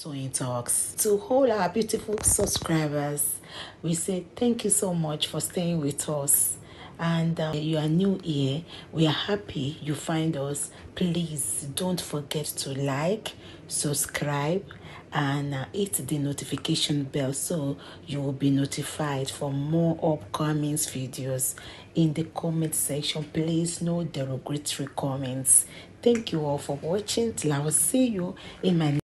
Toyeen Talks. To all our beautiful subscribers, we say thank you so much for staying with us. And uh, you are new here, we are happy you find us. Please don't forget to like, subscribe, and uh, hit the notification bell so you will be notified for more upcoming videos in the comment section please no derogatory comments thank you all for watching till i will see you in my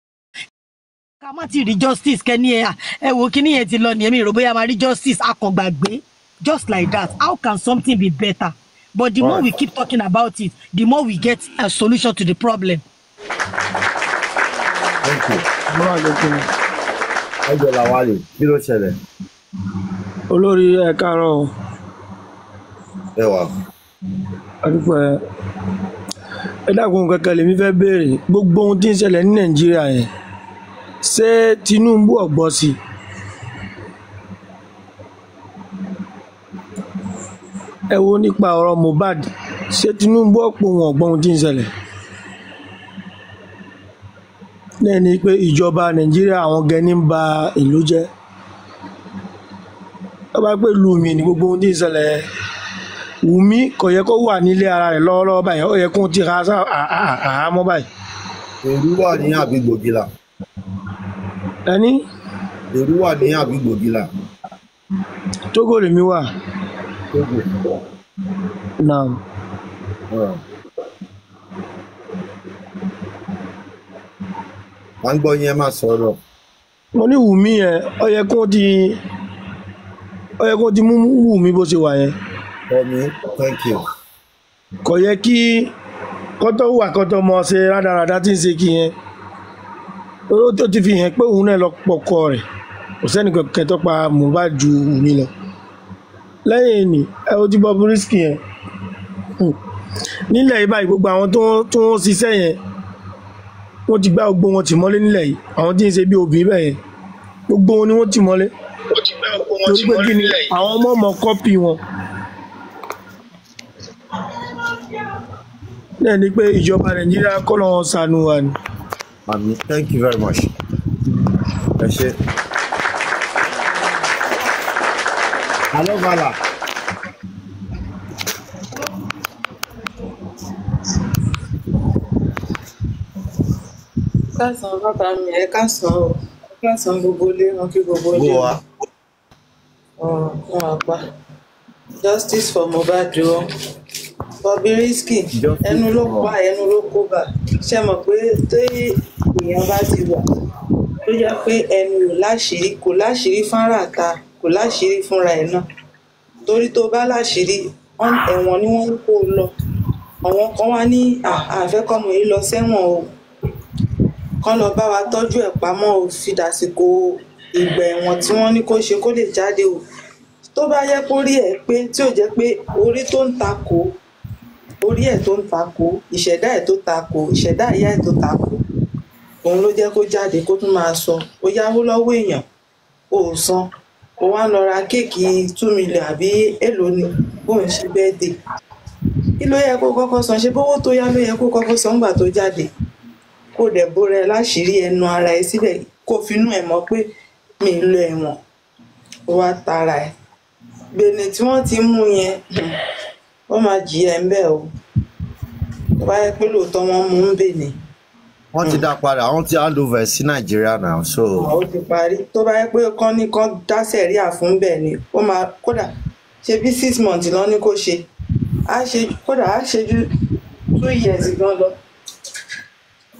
bá ti rí justice kẹ́ni ẹ̀ ẹ wo kíní yẹn ti lọ nìyẹn mi rò bóyá máa rí justice akọ̀gbàgbé just like that how can something be better but the right. more we keep talking about it the more we get a solution to the problem. thank you. ẹ jẹ́ làwálè kí ló ṣẹlẹ̀. olórí ẹ káàárọ̀. ẹ wà. adúpẹ́ ẹ dákun kankan lèmi fẹ́ béèrè gbogbo ohun tí ń ṣẹlẹ̀ ní nàìjíríà yẹn ṣé Tinubu ò gbọ́ sí i. ẹ wo nípa ọ̀rọ̀ Mohbad ṣé Tinubu ọ̀pọ̀ wọn ọ̀gbọ́n ohun tí ń ṣẹlẹ̀ pé ìjọba Nàìjíríà àwọn gẹni ń ba ìlú jẹ́ ó bá pé lu mi ní gbogbo ohun tí ń ṣẹlẹ̀ Wùmí kò yẹ kó wà nílé ara rẹ̀ lọ́wọ́lọ́wọ́ báyìí ó yẹ kó ti ha àhámọ́ báyìí. èyí wà ní àbí gbògìlà. ẹni. èrú wà ní àdúgbò gíga. tógò lèmi wà. tógò. naam. à ń gbọ́ yẹn máa sọ̀rọ̀. mo ní wùmí yẹn ó yẹ kó di yẹ kó di mú bó ṣe wà yẹn. ọmọ thank you. kò yẹ kí kọ́tọ́ wà kọ́tọ́ ṣe rádaràda tí ó ti fi hàn pé òun náà lọ pọkọ rẹ̀ kò sẹ́ni kankan tó pa Mohbad ju Wùmí lọ lẹ́yìn ẹni ẹ ojú Bob Risky yẹn hmm. nílẹ̀ yìí báyìí gbogbo àwọn tó ń ṣiṣẹ́ yẹn wọ́n ti gbá gbogbo wọn tì mọ́lé nílẹ̀ yìí àwọn tí ń ṣe bí obìnrin bẹ́ẹ̀ yẹn gbogbo wọn ni wọ́n tì mọ́lé torí pé kí ni àwọn ọmọ ọmọ kọ́pì wọn. náà ni pé ìjọba Nàìjíríà kọ́ lọ́wọ́ ṣàánú wa ni. Amin. Thank you very much. Ẹ ṣé. Hello, Vala. Kásán bàbá mi, ẹ kásán o. Kásán gbogbo ilé wọn kí gbogbo ilé wọn. Gbogbo wa. Ọ̀rọ̀ wọn àpá. Justice for Mohbad o. Bobrisky ẹnu ló pa ẹnu ló kó bà ṣe mọ̀ pé tí èèyàn bá ti wà tó jẹ́ pé ẹnu láṣìírí kò láṣìírí fúnra ta kò láṣìírí fúnra ẹ̀ náà torí tó bá láṣìírí ẹ̀wọ̀n ni wọ́n ń kó o lọ àwọn kan wá ní àfẹ́kọ́mọ yìí lọ sẹ́wọ̀n o kán lọ bá wa tọ́jú ẹ̀ pamọ́ o fi dàsìkò ìgbà ẹ̀wọ̀n tí wọ́n ní kó ṣe kó lè jáde o tó bá yẹ kó rí ẹ pé tí ò jẹ́ pé orí tó ń ta kò orí ẹ̀ tó ń tako ìṣẹ̀dá ẹ̀ tó tako ìṣẹ̀dá ìyá ẹ̀ tó tako òun ló jẹ́ kó jáde kó tún máa sọ ó yáwó lọ́wọ́ èèyàn ó san ó wá ń lọ ra kéèkì two million àbí èlò ni bó ń ṣe bẹ́ẹ̀dẹ̀ kí ló yẹ kó kọ́kọ́ san ṣe bówó tó yá ló yẹ kó kọ́kọ́ san nígbà tó jáde kó dẹ̀ bóra ẹ láṣìírí ẹnu ara ẹ sílẹ̀ kó finú ẹ mọ̀ pé mi ń lọ ẹ̀wọ̀n ó wá tara ẹ gbèlè tí wọ́n ti mú yẹn wọ́n máa jìyà ń bẹ̀ o tó bá yẹ pé lóòótọ́ wọ́n mú ń bè ní. wọ́n ti dá padà wọ́n ti hand over sí nàìjíríà náà so. ó ti parí tó bá yẹ pé kán ní kán dá sẹ̀ríà fún bẹ́ẹ̀ ni ó máa kódà ṣe bí six months lọ ní kó ṣe á ṣe kódà á ṣe ju two years gan lọ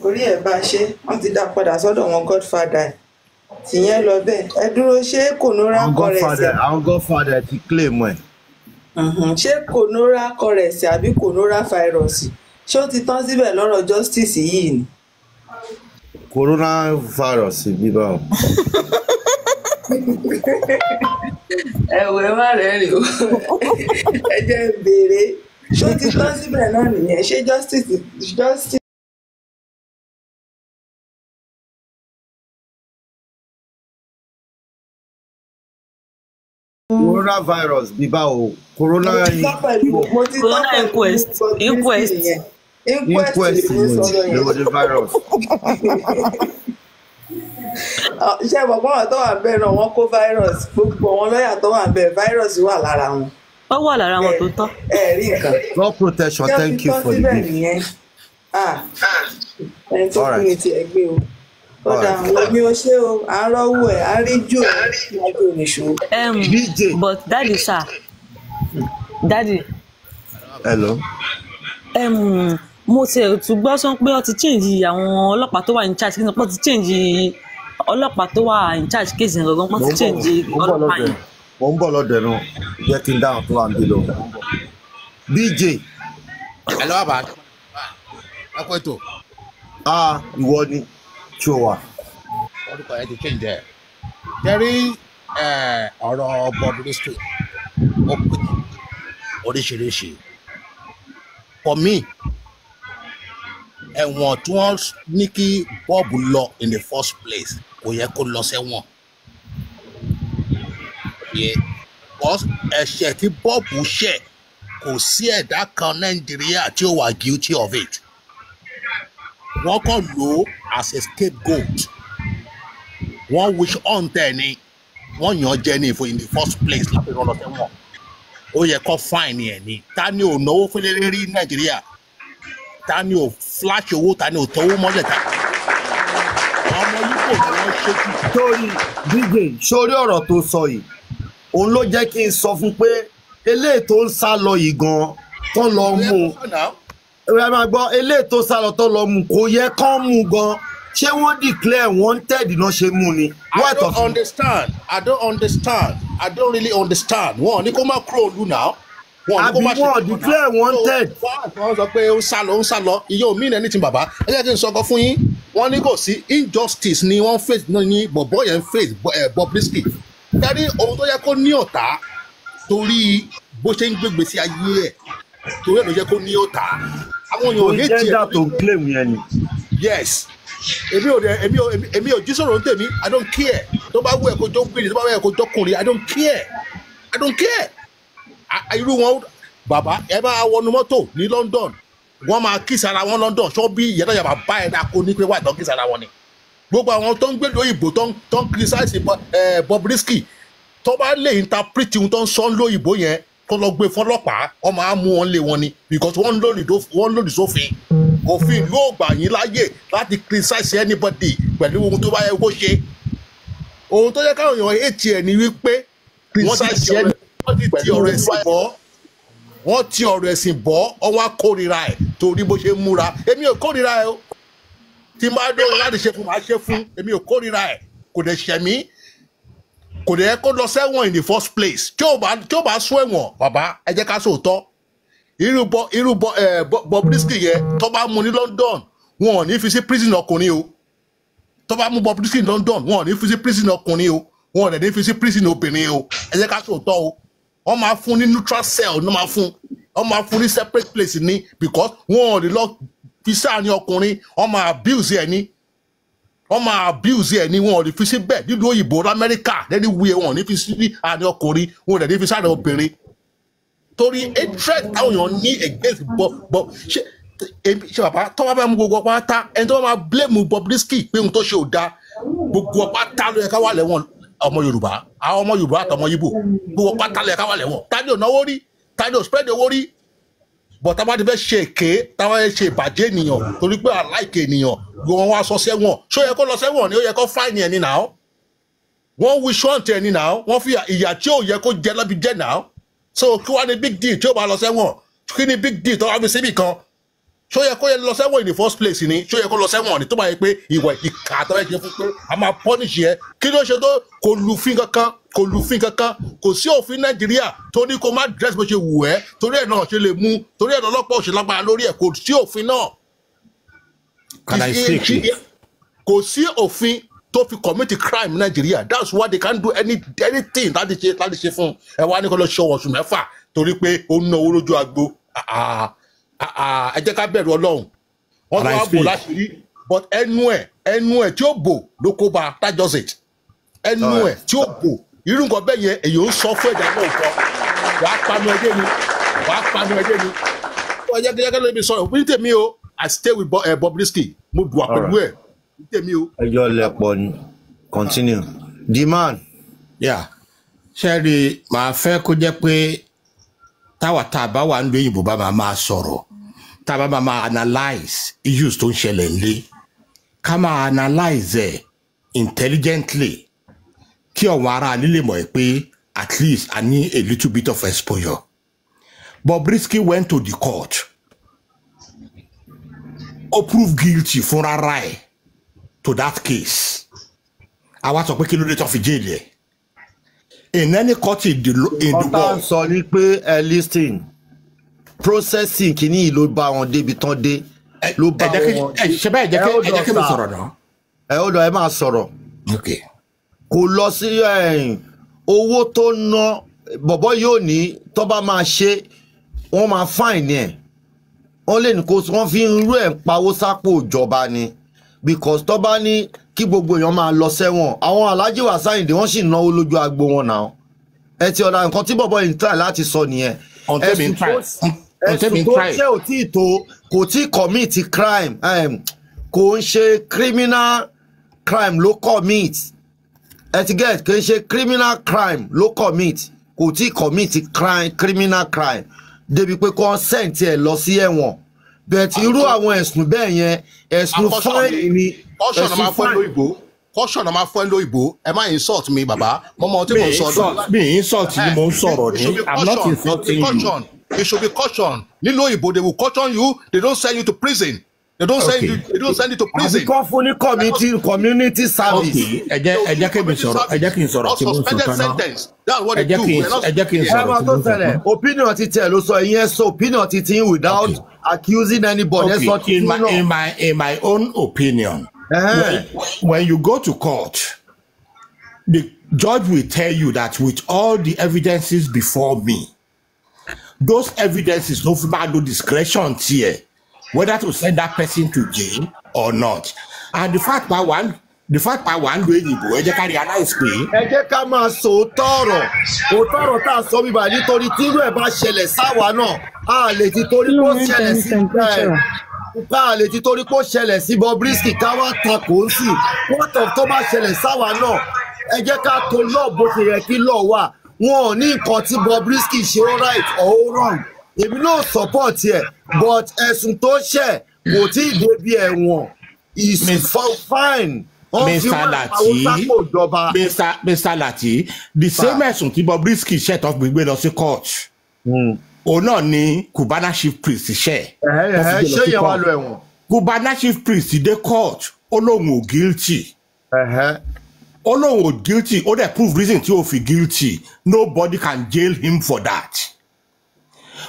orí ẹ̀ bá ṣe wọ́n ti dá padà sọ́dọ̀ wọn godfather tìyẹn lọ bẹ́ẹ̀ ẹ dúró ṣé kò nora kọrẹsì. àwọn godfather ti claim ẹ̀ ṣé kònóra kọrẹsì àbí kònóra fáírọ́ọ̀sì ṣé ó ti tán síbẹ̀ lọ́rọ̀ justice yìí ni. coronavirus bíbá o. ẹ̀wẹ̀ má rẹ́rìn o ẹ jẹ́ ń béèrè ṣó ti tán síbẹ̀ náà nìyẹn ṣé justice justice. coronavirus bíbá o corona corona inquest inquest inquest ni coronavirus. Ah, ṣé ẹ mọ̀ pé àwọn tó wà bẹ́ẹ̀ náà wọ́n kó virus gbogbo wọn lọ́yà tó wà bẹ́ẹ̀ virus wà lára wọn. ó wà lára wọn tó tán. ẹ rí nǹkan. law protection thank you for the gift. Ah, ẹni tó kú ni tiẹ̀ gbé o kódà o ṣe o à ń rọ́wọ́ ẹ̀ à ń rí jù ẹ̀ lájú oníṣó. but daddy sir daddy, hello. Um, mo ti ẹ̀rù tún gbọ́ sọ́n pé ó ti change àwọn ọlọ́pàá tó wà in charge kí ni pọ́n ti change ọlọ́pàá tó wà in charge kéèsì gangan pọ́n ti change ọlọ́pàá yẹn. mo ń bọ̀ lọ́dẹ̀ nu jẹ́ kí n dáhùn tó dj. ẹ lọ́wọ́ bá a. ẹ kó ètò. a ni. Chua. orúkọ yẹn ti change ẹ̀ tẹ́rí ọ̀rọ̀ Bob Risky ó pè oríṣiríṣi for me ẹ̀wọ̀n tí wọ́n ní kí Bob lọ in the first place kò yẹ kó lọ sẹ́wọ̀n ẹ̀ṣẹ̀ tí Bob ṣẹ̀ kò sí ẹ̀dá kan Nàìjíríà tí ó wà guilty of it wọ́n kọ́ lò ó as a scapegoat wọ́n wish on tẹ̀ ni wọ́n yàn jẹ́ ní ìfò in the first place láti rán lọ sẹ́wọ̀n ó yẹ kó fine ẹ̀ ni ta ni ò náwó fúnlẹ́rẹ́ rí nàìjíríà ta ni ò flash owó ta ni ò tọwọ́ mọ́lẹ̀ ta ọmọ yípo ni wọ́n ṣe jù. torí DJ sórí ọ̀rọ̀ tó sọ yìí òun ló jẹ́ kí n sọ fún pé eléyìí tó ń sá lọ yìí gan-an tán lọ mú un ẹ máa gbọ́ eléyìí tó sá lọ tó lọ mú kò yẹ kán mú gan ṣé wọ́n declare wanted náà ṣe mú ni. i don't understand i don't understand i don't really understand wọn ní kó má kúrò lù náà wọn kó má ṣe àbí wọn declare wanted. wọn sọ pé ó ń sá lọ ó ń sá lọ iye omi ní anything bàbá ẹ jẹ́ kí sọkọ fún yín wọn ní kò sí injustice ni wọ́n face ní bọ̀bọ̀ yẹn face eh, Bobrisky kẹ́rí ohun tó yẹ kó ní ọ̀tá torí bó ṣe ń gbégbèsè ayé ẹ̀ torí ẹ̀ ló jẹ́ kó ní ọ̀tá àwọn èèyàn hate ẹ̀ gender to blame yẹn ni. yes èmi ò èmi ò èmi ò jí sọ̀rọ̀ ntẹ̀mí i don't care tó bá wù ẹ́ kó jọ́ gbìnrin tó bá wù ẹ́ kó kùnrin i don't care i don't care irú wọn bàbá ẹ bá wọnú mọ́tò ní London wọ́n máa kiss ara wọn London ṣọ́ọ́bì ìyẹ́dọ̀jà bàbá ẹ̀ dàkó ní pé wà tán kiss ara wọn ni gbogbo àwọn tó ń gbé lóyìnbó tó ń criticize Bobrisky eh, tó bá lè interpret ohun tó ń sọ lóyìnbó yẹn kó lọ gbé fọlọ́pàá wọ́n máa mú wọn lé wọn ni because wọ́n lòdì sófin òfin yóò gbà yín láyè láti criticize anybody pẹ̀lú ohun tó bá yẹ kó ṣe ohun tó yẹ káwọn èèyàn ètì ẹ̀ ni wípé wọ́n ti ti ọ̀rọ̀ ẹ̀sìn bọ́ wọ́n ti ọ̀rọ̀ ẹ̀sìn bọ́ ọwọ́ akórira ẹ̀ torí bó ṣe múra èmi ò kórira ẹ̀ o tí n bá dóhùn láti ṣe fún màá ṣe fún èmi ò kórira ẹ̀ kò dẹ̀ ṣẹ̀mí kò dẹ̀ kó lọ sẹ́wọ̀n in the first place tí ò bá tí ò bá sún ẹ̀wọ̀n bàbá ẹ jẹ́ ká sòótọ́ irú bọ irú bọ ẹ eh, Bobrisky yẹn tó bá mú ní London wọn ò ní fi sí prison ọkùnrin o tó bá mú Bobrisky ní London wọn ò ní fi sí prison ọkùnrin o wọn ò dẹ̀ ní fi sí prison obìnrin o ẹ jẹ́ ká sòótọ́ o wọ́n máa fún ní neutral cell ní wọ́n máa fún wọ́n máa fún ní separate place ní because wọn ò lè lọ fi sáà ní ọkùnrin wọ́n máa abuse ẹ̀ ní wọ́n máa abuse ẹ̀ ní wọn ò ní fi sí bẹ́ẹ̀ nílùú òyìnbó lamẹ́ríkà lẹ́ni wuyẹ̀ wọn ò ní fi sí àárín ọkùnrin wọn ò dẹ̀ ní fi sáré obìnrin torí hatred táwọn èèyàn ní against bob bob ṣe èmi ṣe bàbá tọ́wọ́ bá mú gbogbo ọpá ta ẹni tó máa blame Bobrisky pé ohun tó ṣe ò dáa gbogbo ọpá ta ló yẹ ká wà lẹ́wọ̀n ọmọ Yorùbá àwọn ọmọ Yorùbá àtọmọ Ìgbò gbogbo ọpá ta ló yẹ ká wà lẹ́wọ̀n tani ò náwó rí tani ò spread owó rí but táwọn ti fẹ́ ṣe èké táwọn fẹ́ ṣe ìbàjẹ́ ènìyàn torí pé àláìkè ènìyàn gbé wọn wá sọ sẹ́wọ̀n ṣó yẹ kó lọ sẹ́wọ̀n ni ó yẹ kó fáìnì ẹni náà wọ́n wí ṣọ́ǹtì ẹni náà wọ́n fi ìyà tí ò yẹ kó jẹ lọ́bi jẹ náà so kí wá ní big deal tí ó bá lọ sẹ́wọ̀n kí ni big deal tó wá fi síbì kan ṣó yẹ kó yẹ lọ sẹ́wọ̀n in the first place ni ṣó yẹ kó lọ sẹ́wọ̀n ni tó bá yẹ pé ìwà ìkà àtọ́wẹ́ ṣe fún pé a máa pọ́nìṣì ẹ kò lùfin kankan kò sí òfin nàìjíríà tó ní kó má dress bó ṣe wù ẹ́ torí ẹ̀ náà ṣe lè mú torí ẹ̀ lọ́lọ́pọ̀ ò ṣe lágbára lórí ẹ̀ kò sí òfin náà. Can I speak to you? kò sí òfin tó fi commit crime nàìjíríà that's why they can't do any anything láti ṣe láti ṣe fún ẹ wá ní kó lọ ṣe oṣù mẹ́fà torí pé ó ń náwó lójú agbo ah, ah, ah, ẹ jẹ́ ká bẹ̀rù ọlọ́run wọ́n ti wá bò láṣìírí but ẹnu ẹ̀ ẹnu ẹ̀ tí ó bò ló kó ba that just it ẹnu ẹ̀ tí ó bò irú nǹkan bẹ́ẹ̀ yẹn èyí ò ń sọ fún ẹ̀dá náà kọ́ wàá panu ẹdẹ ni wàá panu ẹdẹ ni ó yẹ kí ẹgbẹ́ mi sọ̀rọ̀ ní tèmi o I stay with eh, Bobrisky mo dùn àpẹ̀lú ẹ̀ ní tèmi o. ẹjọ́ lẹ́pọ̀ ni continue the man. ṣẹ́ẹ̀rì màá fẹ́ kó jẹ́ pé táwa tá a bá wà ń lo òyìnbó bá máa máa sọ̀rọ̀ tá a bá máa máa analyse issues tó ń ṣẹlẹ̀ ńlẹ̀ ká máa analyse ẹ̀ intelligently kí ọ̀wọ́n ara lílè mọ̀ ẹ́ pé at least I need a little bit of exposure. Bobrisky went to the court ó prove guilty fúnra ra ẹ̀ to that case àwa sọ pé kí ló dé tó fi jail ẹ̀ in any court in the, in the world. ọ̀tá ń sọ ní pé ẹ listing processing kìíní yìí ló bá wọn débi tán dé ló bá wọn. ẹ ṣe bẹ́ẹ̀ jẹ́ kí ẹ jẹ́ kí mi sọ̀rọ̀ náà. ẹ ó lọ ẹ máa sọ̀rọ̀. okay kò lọ sí eh, owó tó ná bọ̀bọ̀ yóò ní tó bá máa ṣe wọ́n máa fáìní ẹ̀ wọ́n lè ní kó wọ́n fi ń rú ẹ̀ ń pawó sápò ìjọba ni because tó bá ní kí gbogbo èèyàn máa lọ sẹ́wọ̀n àwọn aláàjì wà sáyìndé wọ́n sì náwó lójú agbo wọn náà ẹ ti ọ̀dà nǹkan tí bọ̀bọ̀ yìí ń tà láti sọ nìyẹn hmm. ẹ̀sùn tó ẹ̀sùn tó ṣe ò tí ì tó kò tí commit crime kò ń ṣe criminal crime ló commit etiquette kì í ṣe criminal crime ló commit kò tí commit crime criminal crime débi pé kò send tiẹ̀ lọ sí ẹ̀wọ̀n bẹ̀ẹ̀tì irú àwọn ẹ̀sùn bẹ́ẹ̀ yẹn ẹ̀sùn fine ni ẹ̀sùn fine caution ọmọ afọ ẹlò ìbò ẹ má insult mi bàbá mo mọ tí mo sọ ọdún. mi insult ni eh, mo ń sọ̀rọ̀ ni i'm not insulting you. it should be caution nílò ìbò they will caution you they don't send you to prison they don't send you they don't send you to prison. Okay. fún ní community community service. okay ẹ jẹ́ ẹ jẹ́ kí mi sọ̀rọ̀ ẹ jẹ́ kí n sọ̀rọ̀ tí mo sọ tán náà ẹ jẹ́ kí n ẹ jẹ́ kí n sọ̀rọ̀ tí mo sọ. ẹ máa tó ṣẹlẹ̀ opinion ti tẹ̀ ló sọ ìyẹn so opinion ti tin without okay. accusing anybody. okay so in my know. in my in my own opinion. Uh -huh. when, when you go to court the judge will tell you that with all the evidences before me those evidences no fit ma do discretion tiẹ̀ whether to send that person to jail or not and the fact pa one, the fact pa one, ń lo èyìnbó ẹ jẹ́ ká realize pé. ẹ jẹ́ ká máa sòótọ́ ọ̀rọ̀ òótọ́ ọ̀rọ̀ tá a sọ bíbá nítorí tírú ẹ̀ bá ṣẹlẹ̀ sáwa náà a lè ti torí kó ṣẹlẹ̀ sí ẹ̀ ká lè ti torí kó ṣẹlẹ̀ sí Bobrisky ká wá takò ó sì what of tó bá ṣẹlẹ̀ sáwa náà ẹ jẹ́ ká tó lọ́ọ̀ bó ti yẹ kí lọ́ọ̀ wà wọn ò ní nǹkan tí Bobrisky ṣe ó right or ó wrong èmi náà support ẹ̀ but ẹ̀sùn tó ṣẹ̀ kò tí ì débi ẹ̀wọ̀n is fine. Mr. Lati Mr. the same ẹ̀sùn tí Bobrisky ṣẹ̀ tó fi gbé lọ sí court hmm. òun náà ni Cubana chief priest ṣẹ̀ tó fi gbé lọ sí court chief priest dé court ó lóun ò guilty ó lóun ò guilty ó dẹ̀ prove reason tí ó fi guilty nobody can jail him for that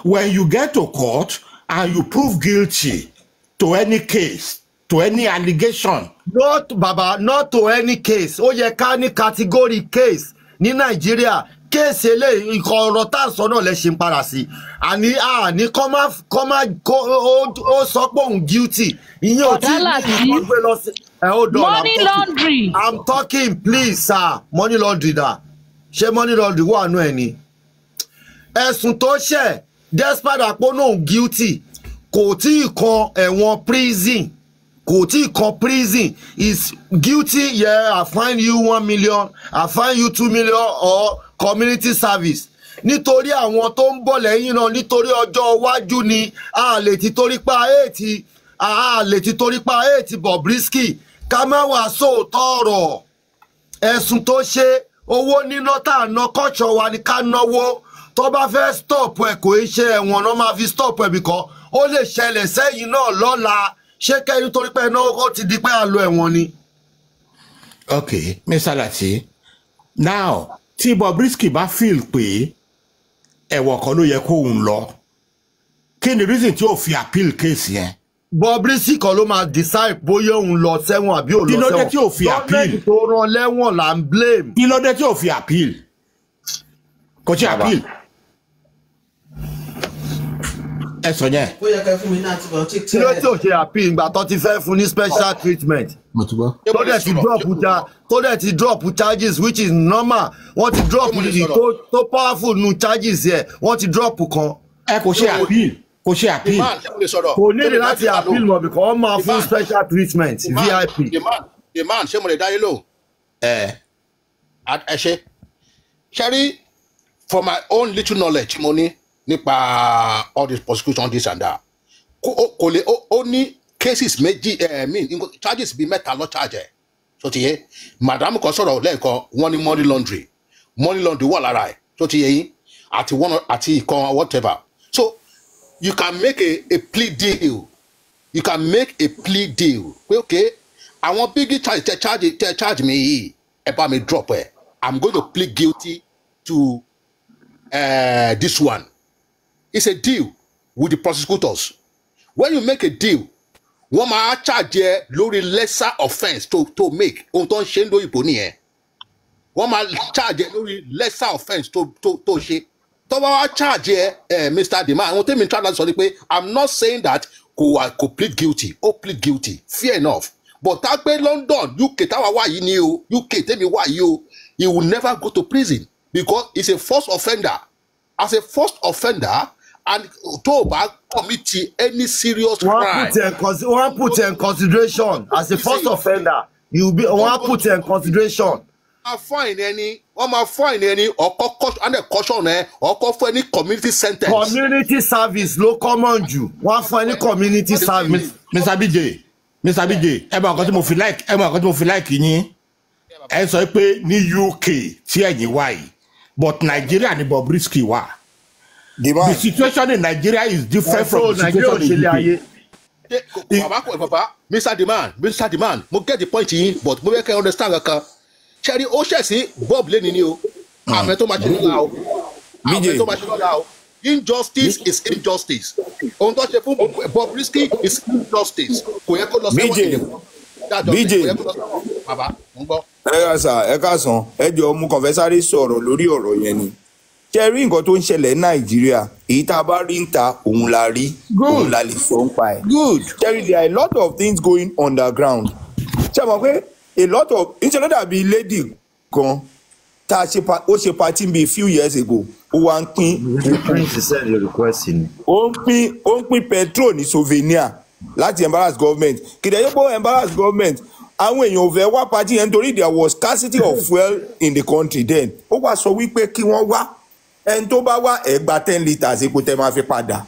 when you get to court and you prove guilty to any case to any allegation. not baba not to any case ó yẹ ká ní category case ní nàìjíríà kéèsì eléyìí ikọ̀ ọ̀rọ̀ tá à ń sọ náà lẹ́ ṣe ń para sí i àní àní kọ́ má kọ́ má ó sọ pé òun guilty ìyẹn ò tí ì ní ìgbẹ́ lọ sí. money laundry. i'm talking please sir money laundry da ṣé money laundry wà nù ẹ̀ ni ẹ̀sùn tó ṣẹ̀ despite àpónà guilty kò tí ì kan ẹ̀wọ̀n prison kò tí ì kan prison is guilty yeah i find you one million i find you two million or community service nítorí àwọn tó ń bọ̀ lẹ́yìn náà nítorí ọjọ́ iwájú ni a lè ti torí pa éètì a lè ti torí pa éètì Bobrisky ká má wàá sóòótọ́ ọ̀rọ̀ ẹ̀sùn tó ṣe owó níná tá à ná kọ́ṣọ́ wa ni ká náwó tó bá fẹ́ stop ẹ̀ kò í ṣe ẹ̀wọ̀n náà máa fi stop ẹ̀ bìkọ́ ó lè ṣẹlẹ̀ sẹ́yìn náà lọ́la ṣé kẹ́yìn torí pé náà ó ti di pé a ẹ̀wọ̀n ni. ok Mr. now tí Bobrisky bá feel pé ẹ̀wọ̀n kan ló yẹ kó òun lọ kí ni reason tí ó fi appeal case yẹn. Bobrisky kan ló máa decide bóyá òun lọ sẹ́wọ̀n àbí òun lọ sẹ́wọ̀n. kí tí ò fi appeal. lọ́dẹ̀ tó rán lẹ́wọ̀n là ń blame. kí tí ò fi appeal. kò tí appeal ẹ sọ yẹn. ó yẹ kẹ́ fún mi ní antibiotic. kí ló tí ò ṣe àpín ìgbà tó ti fẹ́ fún ní special treatment. tó dẹ̀ ti drop ja tó dẹ̀ ti drop charges which is normal wọ́n ti drop yìí tó tó powerful nu charges yẹ wọ́n ti drop kan. ẹ kò ṣe àpín kò ṣe àpín. kò nílò láti àpín mọ̀ bìkọ́ wọ́n máa fún special treatment vip. the man ṣé mo lè dáyé lò. ẹ ẹ ṣe ṣe rí for my own little knowledge mo ní nípa all this prosecution this and that kò lè ó ní cases méjì ẹ mean charges bíi mẹ́ta lọ charge ẹ̀ tó ti yé madam kan sọ̀rọ̀ lẹ́ẹ̀kan wọ́n ní money laundry money laundry wà lára ẹ̀ tó ti yé yín àti one àti ìkan whatever so you can make a, a plea deal you can make a plea deal pé ok àwọn big charge tẹ charge tẹ charge mi yìí ẹ bá mi drop ẹ i'm going to plead guilty to uh, this one it's a deal with the prosecutors when you make a deal wọ́n máa charge ẹ lórí lesser offence to to make ohun tó ń ṣe ń lóyìnbó nìyẹn wọ́n máa charge ẹ lórí lesser offence to to to ṣe tó bá wá charge ẹ ẹ Mr. Dima àwọn tèmi try láti sọ ni pé i'm not saying that kò kò plead guilty ó plead guilty fair enough but tá a gbé London UK táwa wà yìí ni o UK tèmi wà yìí o he will never go to prison because he's a first offender as a first offender and tó o bá commit any serious crime. wọ́n put in consi wọ́n put in consideration as a first offender you be wọ́n put in consideration. wọ́n máa fine ẹni wọ́n máa fine ẹni ọkọ̀ caution ẹ ọkọ̀ fún ẹni community sentence. community service ló common jù wọ́n fún ẹni community service. mr bj mr bj ẹ mọ nǹkan tí mo fi like ẹ mọ nǹkan tí mo fi like yín ẹ sọ pé ní uk tí ẹ̀yin wà yìí but Nigeria ni Bobrisky wà. Demand. The situation in Nigeria is different from the situation in UK. Mr Demand Mr Demand mo get the point yín but mo fẹ́ kẹ́ understand kankan. Ṣẹ́ni ó ṣẹ̀sí Bob Lenny ni o. Hmm. Àmì tó máa ṣe lọ́la o. Àmì tó máa ṣe lọ́la o. Injustice is injustice. Ohun tó ṣe fún Bob Risky is injustice. Kò yẹ kó lọ sẹ́wọ̀n ìdìbò. BJ bàbá mo gbọ́. Ẹ ká sàn ẹ ká sàn ẹ jọ mú kọ̀fẹ́sárì sọ̀rọ̀ lórí ọ̀rọ̀ yẹn ni ṣe rí nǹkan tó ń ṣẹlẹ̀ nàìjíríà èyí tá a bá rí ń ta òun la rí òun la lè sọ ń pa ẹ̀. good terry there are a lot of things going underground ṣe mọ̀ pé a lot of níṣẹ́ ló dàbí lady kan tá a ṣe ó ṣe party bíi few years ago ó wá ń pín. prince send the request in. ó ń pín ó ń pín petrol ní souvenir láti embarrass government kìdẹ̀ yóò pọ̀ embarrass government àwọn èèyàn ò fẹ́ wá party yẹn nítorí there was scarcity of fuel in the country then ó wá sọ wípé kí wọ́n wá ẹni tó bá wá ẹgbàá ten litres epo tẹ máa fi padà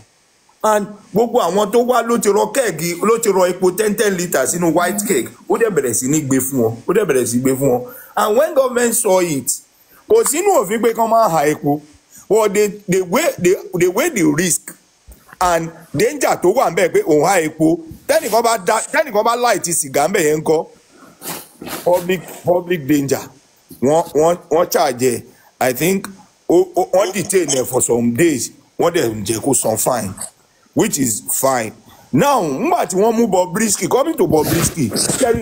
and gbogbo àwọn tó wá ló ti rọ kẹ́ẹ̀gì ló ti rọ epo ten ten litres sínú white cake. ó dẹ̀ bẹ̀rẹ̀ sí ní gbé fún wọn ó dẹ̀ bẹ̀rẹ̀ sí gbé fún wọn and when government saw it kò sínú òfin pé kán máa ha epo but they they weigh they, they weigh the risk and danger tó wà nbẹ pé òun ha epo tẹnìkan bá da tẹnìkan bá láì ti sìgá nbẹ yẹn kọ public public danger wọ́n wọ́n wọ́n charge i think wọ́n detain ẹ̀ for some days wọ́n dẹ̀ ń jẹ́ kó san fine which is fine now ngbà tí wọ́n mú Bobrisky coming to Bobrisky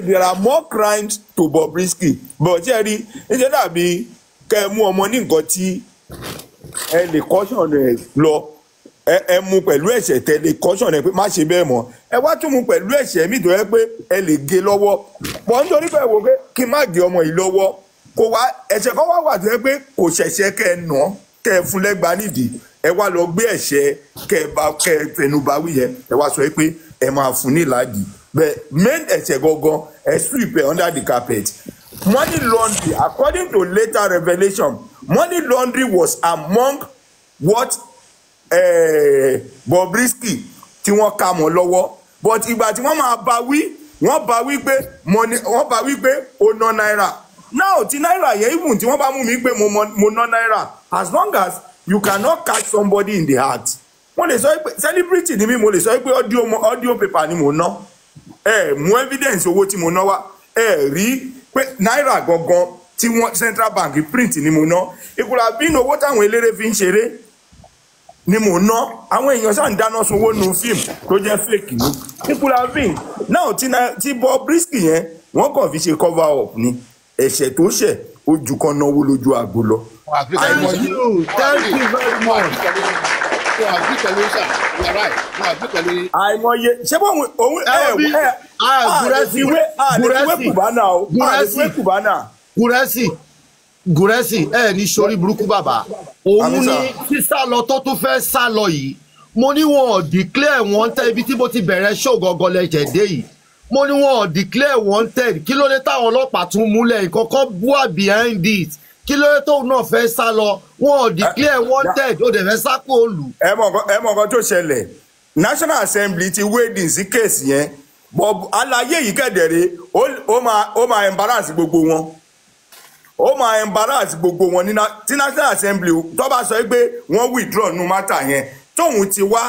there are more crimes to Bobrisky but Jerry, níṣẹ́ dàbí kẹ́ ẹ mú ọmọ ní nǹkan tí ẹ lè caution rẹ̀ lọ ẹ ẹ mú pẹ̀lú ẹ̀ṣẹ̀ tẹ lè caution rẹ̀ pé má ṣe bẹ́ẹ̀ mọ́ ẹ wá tún mú pẹ̀lú ẹ̀ṣẹ̀ mi tó yẹ pé ẹ lè gé lọ́wọ́ pọ̀ nítorí pé ẹ wò pé kí n má gé ọmọ yìí lọ́wọ́ kò wá ẹ̀ṣẹ̀ kan wá wà tó yẹ pé kò ṣẹ̀ṣẹ̀ kẹ́ ẹ nà kẹ́ ẹ fún lẹ́gba nídìí ẹ wá lọ gbé ẹ̀ṣẹ̀ kẹ́ ẹ bá kẹ́ ẹ fẹnu bá wí yẹn ẹ wá sọ pé ẹ máa fún ní ìlàjì bẹ́ẹ̀ main ẹ̀ṣẹ̀ gangan ẹ sweep ẹ under the carpet money laundry according to later revelation money laundry was among what eh, Bobrisky tí wọ́n kà mọ́ lọ́wọ́ but ìgbà tí wọ́n máa bá wí wọ́n bá wí pé money wọ́n bá wí pé ó náírà now ti náírà yẹn even tí wọ́n bá mú mi pé mo ná náírà as long as you cannot catch somebody in the heart mo lè sọ pé celebrity ni mi mo lè sọ pé audio audio paper ni mo ná ẹ mú evidence owó tí mo ná wá ẹ rí pé náírà gangan tí wọ́n central bank print ni mo ná ìkúra bínú owó táwọn eléré fi ń ṣeré ni mò ń ná àwọn èèyàn sáà ń dáná sunwó nu fíìmù tó jẹ́ fake ni nípúra vin náà tí Bobrisky yẹn wọ́n kàn fi ṣe cover up ni ẹ̀ṣẹ̀ tó ṣẹ̀ ó kan náwó lójú àgbo lọ. àmọ́ yóò thank you very much mo àgbí pẹ̀lú sà yàrá ẹ̀ mo àgbí pẹ̀lú. àìmọye ṣé bó òun ẹ ẹ àdètí wé kùbánà o àdètí wé kùbánà. gúrẹ́sì gúrẹ́sì ẹ ní sori burúkú bàbá òun ní sísá lọ tó tún fẹ́ sá yìí mo ní wọn ò declare wọn tẹ ibi tí mo ti bẹ̀rẹ̀ ṣó gọgọlẹ̀ jẹ̀dé yìí mo ní wọn declare wanted kí ló dé táwọn ọlọ́pàá tún múlẹ̀ ìkọ̀kọ́ bua behind it kí ló dé tóun náà fẹ́ sá lọ wọn declare wanted ó dẹ̀ fẹ́ sá kó o lù. ẹ mọ̀ nǹkan tó ṣẹlẹ̀ National Assembly ti wade sí kéèsì yẹn bob àlàyé yìí kẹ̀dẹ̀rẹ̀ ó máa ó máa embarrass gbogbo wọn ó máa embarrass gbogbo wọn ní National Assembly tó bá sọ pé wọ́n withdraw nu mátà yẹn tóun ti wá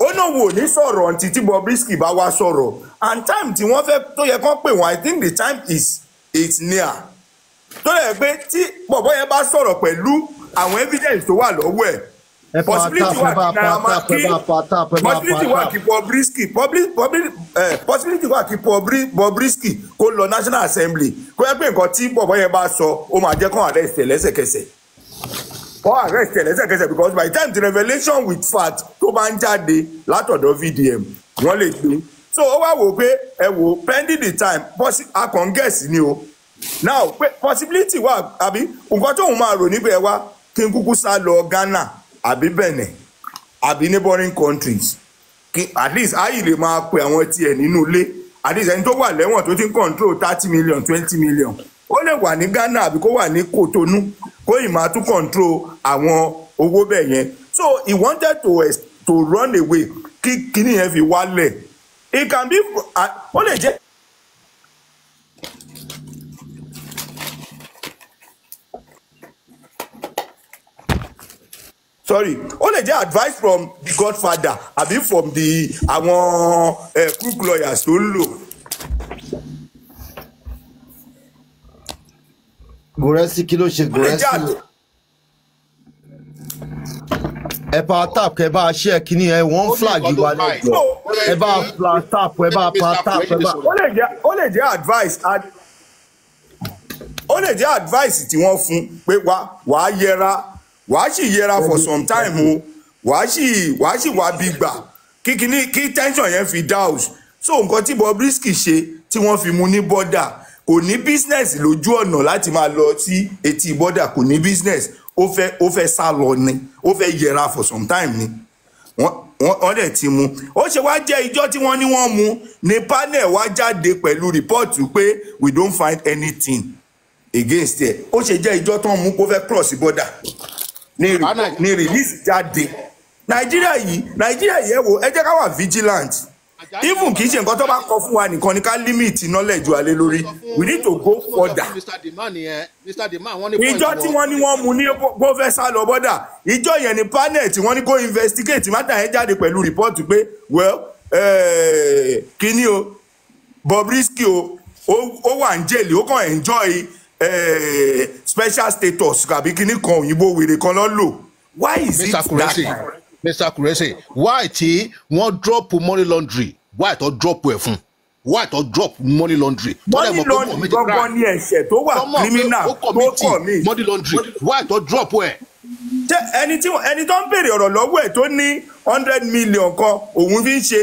ó náà wò ní sọ̀rọ̀ ntí tí Bobrisky bá wá sọ̀rọ̀ and time tí wọ́n fẹ́ tó yẹ kán pè wọ́n I think the time is it's near tó yẹ pé tí bọ̀bọ̀ yẹn bá sọ̀rọ̀ pẹ̀lú àwọn evidence tó wà lọ́wọ́ ẹ̀ possibility wà kí Naira Marley possibility wà kí Bobrisky eh, possibility wà kí Bobrisky kó lọ National Assembly kó yẹ pé nǹkan tí bọ̀bọ̀ yẹn bá sọ ó máa jẹ́ kán àrẹ ìṣẹ̀ lẹ́sẹ̀kẹsẹ̀ wọ́n arrest ẹ̀ because by the time the revelation with fact tó bá ń jáde látọ̀dọ̀ VDM wọ́n lè gbé so ó wá wò pé ẹ wò pending the time akọ̀ǹgẹ̀sì ni o now pe possibility wà àbí nǹkan tóun máa rò níbẹ̀ wá kí n kúkú sá lọ Ghana àbí Benin àbí neighbouring countries kí at least ayi lè máa pe àwọn tiẹ̀ nínú ilé at least ẹni tó wà lẹ́wọ̀n tó ti ń control thirty million twenty million ó lè wà ní Ghana àbí kó wà ní Kotonu kó ì máa tún control àwọn owó bẹ́ẹ̀ yẹn so he wanted to, to run away kí kíní yẹn fi wálẹ̀ it can be ó lè jẹ́. sorry ó lè jẹ́ advice from the godfather àbí from the àwọn uh, crook lawyers tó ń lò gòrẹ́sì kí ló ṣe gòrẹ́sì ẹ bá tap ẹ bá ṣe ẹ kíní ẹ wọ́n flag wa lẹ́jọ́ ẹ bá tap ẹ bá pa tap ẹ bá. ó lè jẹ́ advice ó lè jẹ́ advice tí wọ́n fún pé wá wàá yẹra wàá sì yẹra for some time o wàá sì wàá sì wàá bí gbà kí kíní kí tension yẹn fi down so nǹkan tí Bobrisky ṣe tí wọ́n fi mú ní border kò ní business lójú ọ̀nà láti máa lọ sí etí bọ́dà kò ní business ó fẹ́ ó fẹ́ sá lọ ni ó fẹ́ yẹra for some time ni wọ́n dẹ̀ ti mú ó ṣe wá jẹ́ ìjọ́ tí wọ́n ní wọ́n mú ni panel wá jáde pẹ̀lú report? pé we don't find anything against ẹ̀ ó ṣe jẹ́ ìjọ́ tó ń mú kó fẹ́ cross border ni ah, release jáde nàìjíríà yìí nàìjíríà yìí ẹ wò ẹ jẹ́ ká wà vigilant even kì í ṣe nǹkan tó bá kọ fún wa nìkan ni ká limit knowledge wa lé lórí we need to go further. ìjọ tí wọ́n ní wọ́n mú ní bó fẹ́ sá lọ bọ́dà ìjọ yẹn ní panel tí wọ́n ní kó investigate mátà yẹn jáde pẹ̀lú report pé well eh, kíní o Bobrisky o ó wà ń jèlè ó kàn enjoy eh, special status tàbí kíní kan òyìnbó wèrè kan lọ́ lò why is it that time. Mr. Kurese why tí wọ́n drop money laundry why tó drop ẹ̀ fún why tó drop money laundry. money laundry gbọ́ngàn ní ẹ̀ṣẹ̀ tó wà criminal tó kọ̀ mí. money laundry why tó drop ẹ̀. ṣé ẹni tí ẹni tó ń béèrè ọ̀rọ̀ lọ́wọ́ ẹ̀ tó ní hundred million kan òun fi ń ṣe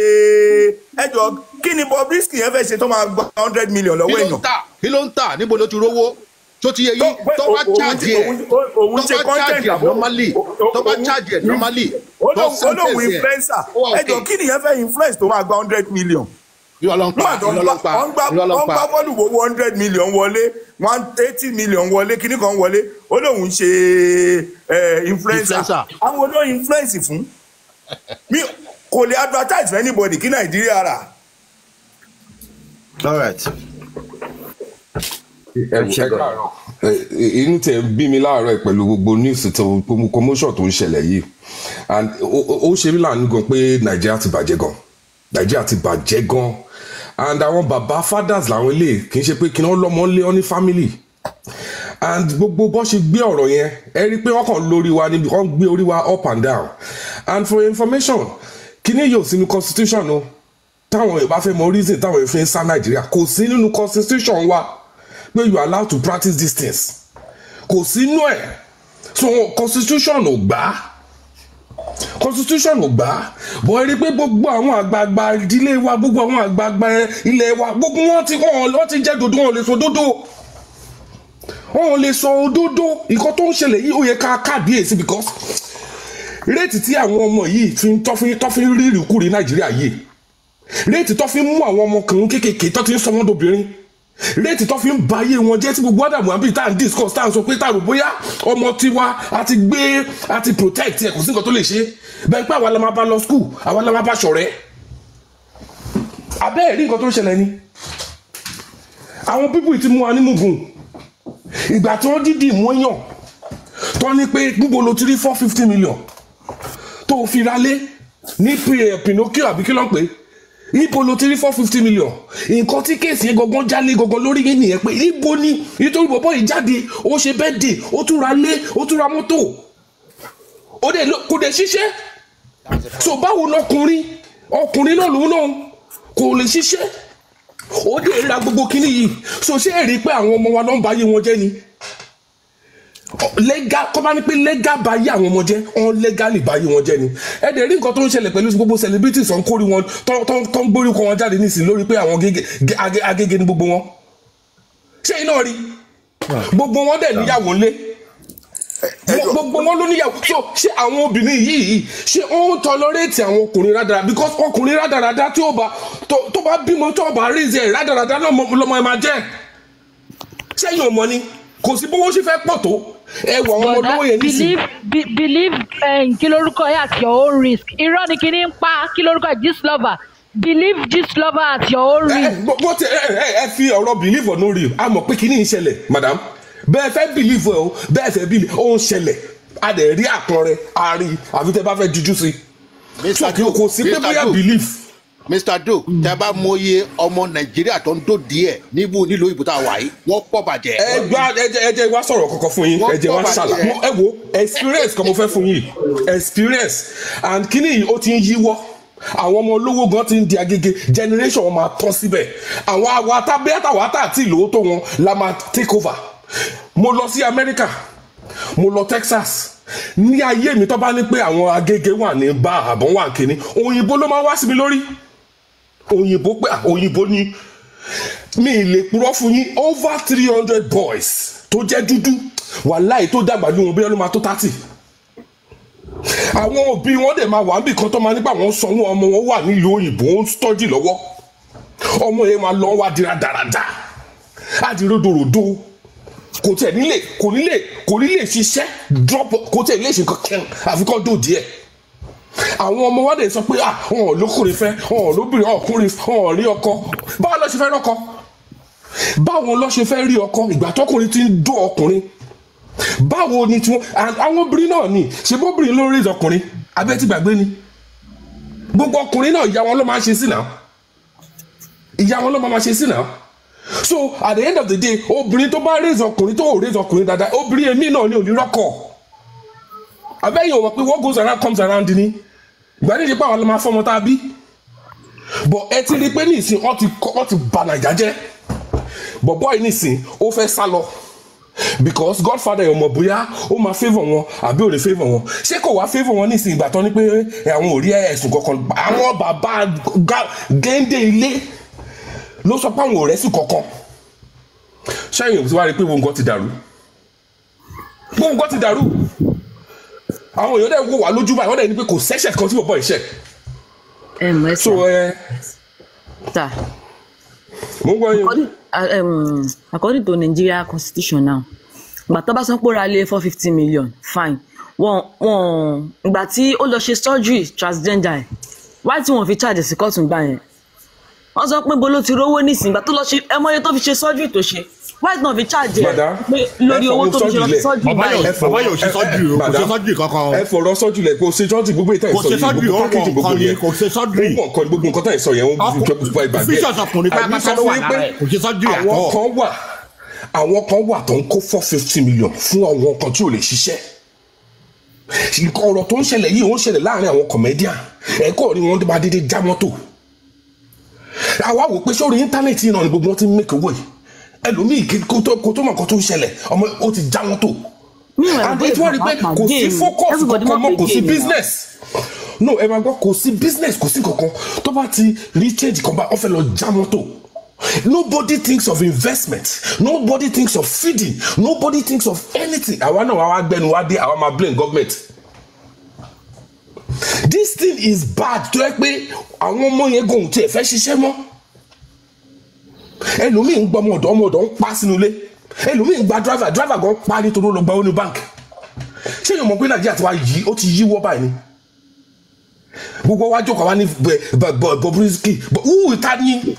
ẹjọ́ kí ni Bobrisky yẹn fẹ́ ṣe tó máa gba hundred million lọ́wọ́ èèyàn. kí ló ń tà níbo ló ti rówó tó ti yẹ yí tó bá charge ẹ tó bá charge ẹ normally tó bá charge ẹ normally tó sentence ẹ ẹjọ kí nìyẹn fẹ́ influence tó máa gba hundred million nígbà tó ń gbá bọ́ọ̀lù wo hundred million wọlé one eighty million wọlé kíní kan wọlé ó lóun ṣe influencer àwọn olóyún influence fún mi kò lè advertise for anybody kí nàìjíríà rà. all right inú tẹ bí mi láàárọ̀ pẹ̀lú gbogbo news tó commotion tó ń ṣẹlẹ̀ yìí and ó ṣe mí láàánú gan pé nàìjíríà ti bàjẹ́ gan nàìjíríà ti bàjẹ́ gan and àwọn baba fathers làwọn ilé kì í ṣe pé kí wọ́n lọ́mọ lé ọ́ ní family and gbogbo bó ṣe gbé ọ̀rọ̀ yẹn ẹ rí i pé wọ́n kàn lórí wa níbi wọ́n gbé orí wa up and down and for information kíní yóò sínú constitution o táwọn Yorùbá fẹ́ mọ reason táwọn èèyàn fi ń sá Nàìjíríà kò sí nínú constitution wa pé you are allowed to practice these things kò sínú ẹ̀ so constitution ò gbà á constitution ò gbà á bọ̀ ẹ rí i pé gbogbo àwọn àgbààgbà ìdílé wa gbogbo àwọn àgbààgbà ilé wa gbogbo wọn ti wọn ti jẹ́ dòdò wọn ò lè sọ dòdò wọn ò lè sọ òdodo nǹkan tó ń ṣẹlẹ̀ yìí ó yẹ ká kábíyèsí because réètì tí àwọn ọmọ yìí fi tọ́ fi tọ́ fi rí ìrìkú rí nàìjíríà yìí réètì tọ́ fi mú àwọn ọmọkùnrin kéékèèké tọ́ ti ń sọ wọ́n dobìnrin réètì tó fi ń ba ayé wọn jẹ́ tí gbogbo adamu abi tá à ń discuss tá à ń sọ pé tá à rò bóyá ọmọ tiwa a ti gbé a ti protect ẹ̀ kò sí nǹkan tó lè ṣe bẹ́ẹ̀ pé àwa la máa bá lọ school àwa la máa bá ṣọ̀rẹ́ abẹ́ ẹ̀rí nǹkan tó ń ṣẹlẹ̀ ni àwọn pípù ti mú wa ní mugun ìgbà tí wọ́n dídì mú èèyàn tó ní pé gbogbo lo ti rí four fifty million tó fi ra lé ní pinocchio àbí kí ló ń pè é níbo ló ti rí four fifty million nǹkan tí kéèsì yẹn gangan jálé gangan lórí yín nìyẹn pé níbo ni nítorí bọ́bọ́ yìí jáde ó ṣe bẹ́ẹ̀ dè ó tún ra lé ó tún ra mọ́tò ó dẹ̀ kò dẹ̀ ṣiṣẹ́ so báwo lọkùnrin ọkùnrin náà lòun náà kò lè ṣiṣẹ́ ó dẹ̀ ra gbogbo kínní yìí so ṣé ẹ rí i pé àwọn ọmọ wa náà ń báyé wọn jẹ́ ni legal kọ́ bá ní pé legal bá yé àwọn ọmọ jẹ́ wọn legally bá yé wọn jẹ́ ni ẹ dẹ̀ rí nǹkan tó ń ṣẹlẹ̀ pẹ̀lú gbogbo celebrities tó ń kórè wọn tó ń gbórúkọ wọn jáde nísìnyí lórí pé àwọn agége ní gbogbo wọn ṣé iná rí gbogbo wọn dẹ̀ níyàwó lé gbogbo wọn ló níyàwó so ṣé àwọn obìnrin yìí ṣé ó ń tọlọ́rẹ́tì àwọn ọkùnrin rádaràda because ọkùnrin rádaràda tó bá bímọ tó bá rí kò sí bówó ṣe fẹ́ pọ̀ tó ẹ wọ àwọn ọmọlówó yẹn nísìnyí. believe believe eh, kí lórúkọ yẹ at your own risk irọ́ ni kí ni ń pa kí lórúkọ gist lover believe gist lover at your own eh, eh, risk. ẹ bó ti ẹ ẹ fi ọ̀rọ̀ believe or no real a mọ̀ pé kí ni ń ṣẹlẹ̀ madam bẹ́ẹ̀ fẹ́ believe o bẹ́ẹ̀ fẹ́ believe ó ń ṣẹlẹ̀ a dẹ̀ rí àpọ̀n rẹ̀ a rí àfi tẹ́ bá fẹ́ jujú sí i. so kò sí pé believe mr do tẹ bá mọye ọmọ nàìjíríà tó ń dò díẹ̀ níbú nílò ìbò tá a wà yìí wọ́n pọ̀ bàjẹ́. ẹ gbá ẹ jẹ́ wá sọ̀rọ̀ kọ̀kọ̀ fún yín ẹ jẹ́ wá sàlà ẹ wo experience kan mo fẹ́ fún yín experience and kini yìí ó ti ń yíwọ́ àwọn ọmọ olówó gan ti ń di agége generation wọn máa tán síbẹ̀ àwọn àwọn atábẹ́ àtàwọn àtàtì lóòótọ́ wọn la máa take over mo lọ sí amẹ́ríkà mo lọ texas ní ayé mi tó bá ní pé àwọn agége wà ní bá àbọ̀n wà kíní òyìnbó ló máa wá sí mi lórí òyìnbó pé ah, òyìnbó ni mi lè purọ́ fún yín over three hundred boys tó jẹ́ dúdú wàláì tó dàgbà ju wọn bí wọn ló máa tó thirty àwọn òbí wọn dẹ̀ máa wà níbì kan tó máa nígbà wọn sanwó ọmọ wọn wà nílùú òyìnbó ń tọ́jú lọ́wọ́ ọmọ yẹn máa lọ wá dira dáradá àdìrodòrodò kò tẹ̀ nílé kò nílé kò nílé ṣiṣẹ́ drop kò tẹ̀ nílé ṣe kankan àfikún dò díẹ̀ àwọn ọmọ wa dẹ̀ sọ pé ah wọn ò lókùnrin fẹ́ wọn ò lóbìnrin ọkùnrin wọn ò rí ọkọ báwo ló ṣe fẹ́ rọ́kọ báwo ló ṣe fẹ́ rí ọkọ ìgbà tọkùnrin ti ń dó ọkùnrin báwo ni tiwọn àwọn obìnrin náà ni ṣe bóbìnrin ló ń rèé ọkùnrin abẹ́ ti gbàgbé ni gbogbo ọkùnrin náà ìyá wọn ló máa ń ṣe sí náà ìyá wọn ló máa ń ṣe sí náà so at the end of the day obìnrin tó bá rèé ọkùnrin tó ò rèé ọkùnrin dáadáa obìnrin èmi náà ni ò ní rọ́kọ̀ọ́ abẹ́yìn ò mọ̀ pé what goes around comes around ni ìgbà nídìí pàwọn ló máa fọmọ tá a bí bọ̀ ẹ ti rí i pé nísìn ọ ti kọ́ ọ ti bà nàìjà jẹ́ bọ̀ bọ́ọ̀ yìí nísìn ó fẹ́ sá lọ because godfather ọmọ bóyá ó máa favour wọn àbí ò lè favour wọn ṣé kò wá favour wọn nísìn ìgbà tán ni pé eh, àwọn ò rí ẹ̀sùn kankan àwọn bàbá géńdé ilé ló sọ pé àwọn ò rẹ́sùn kankan ṣẹ́yìn òbí tí wàá rí i pé gbogbo nǹkan ti dàrú gbogbo nǹkan ti dàrú àwọn èèyàn dẹ̀ wò wá lójú báyìí wọ́n dẹ̀ ní pé kò sẹ́ṣẹ̀ kan tí bọ̀bọ̀ ìṣẹ̀. ẹ ǹlẹ́ sà so eh, mo ń gbọ́ yín. Uh, according to Nigeria constitution now gbàtọ́ bá san pòórá lé four fifty million fine wọ́n wọ́n ìgbà tí ó lọ ṣe surgery transgender ẹ̀ wá tí wọ́n fi charge sí kóòtù gbà yẹn wọ́n sọ pé bolo ti rówó nísìnyí ìgbà tó lọ ṣe ẹ mọ́yé tó fi ṣe surgery tó ṣe wáìtì náà fi charge ẹ lórí owó tó fi ṣe sọ́jú bàbá yóò ṣe sọ́jú o kò ṣe sọ́jú kankan o. ẹ fọ̀rọ̀ sọ́jú lẹ̀ kò ṣe sọ́jú gbogbo ìtàn ìsọ̀yìn gbogbo pákéjì gbogbo yẹn kò ṣe sọ́jú yìí gbogbo nǹkan gbogbo nǹkan tàn ìsọ̀ yẹn wọ́n fi jọ bá ìbàjẹ́ bíṣọ̀sì ọkùnrin pátápátá ló wà lára kò ṣe sọ́jú yàtọ̀. àwọn kan wà àwọn kan wà tó ń kó four fifty million fún àwọn kan tí ò lè ṣiṣẹ́ ọ̀rọ̀ tó ń ṣẹlẹ̀ yìí ó ń ṣẹlẹ̀ láàrin àwọn comedian ẹ̀kọ́ ni wọ́n bá dédé já mọ́tò àwa wò pé sórí íńtánẹ́ẹ̀tì náà ni gbogbo wọn ti ń mẹ́kẹ́ owó yìí ẹlòmíì kó tó mọ̀ kó tó ń ṣẹlẹ̀ ọmọ ó ti já wọn tó and it wọ́n rí kò sí focus kankan mọ́ kò sí business no ẹ máa gbọ́ kò sí business kò sí kankan tó bá ti rí change kan bá wọ́n fẹ́ lọ já wọn tó nobody thinks of investment nobody thinks of feeding nobody thinks of anything àwa náà wàá gbẹnu wá dé àwa máa blame government this thing is bad tó yẹ pé àwọn ọmọ yẹn gòun tiẹ̀ fẹ́ ṣiṣẹ́ mọ́ ẹlòmíì ń gbọ́ ọmọ ọ̀dọ́ ọmọ ọ̀dọ́ ń pa sínú ilé ẹlòmíì ń gba dráìvà dráìvà gan pa nítorí ó lọ gba oní báǹkì ṣé èèyàn mọ̀ pé nàìjíríà ti wá yí ó ti yíwọ́ báyìí ni gbogbo wa jókòó wa ní eh, Bobrisky wúwú ta ni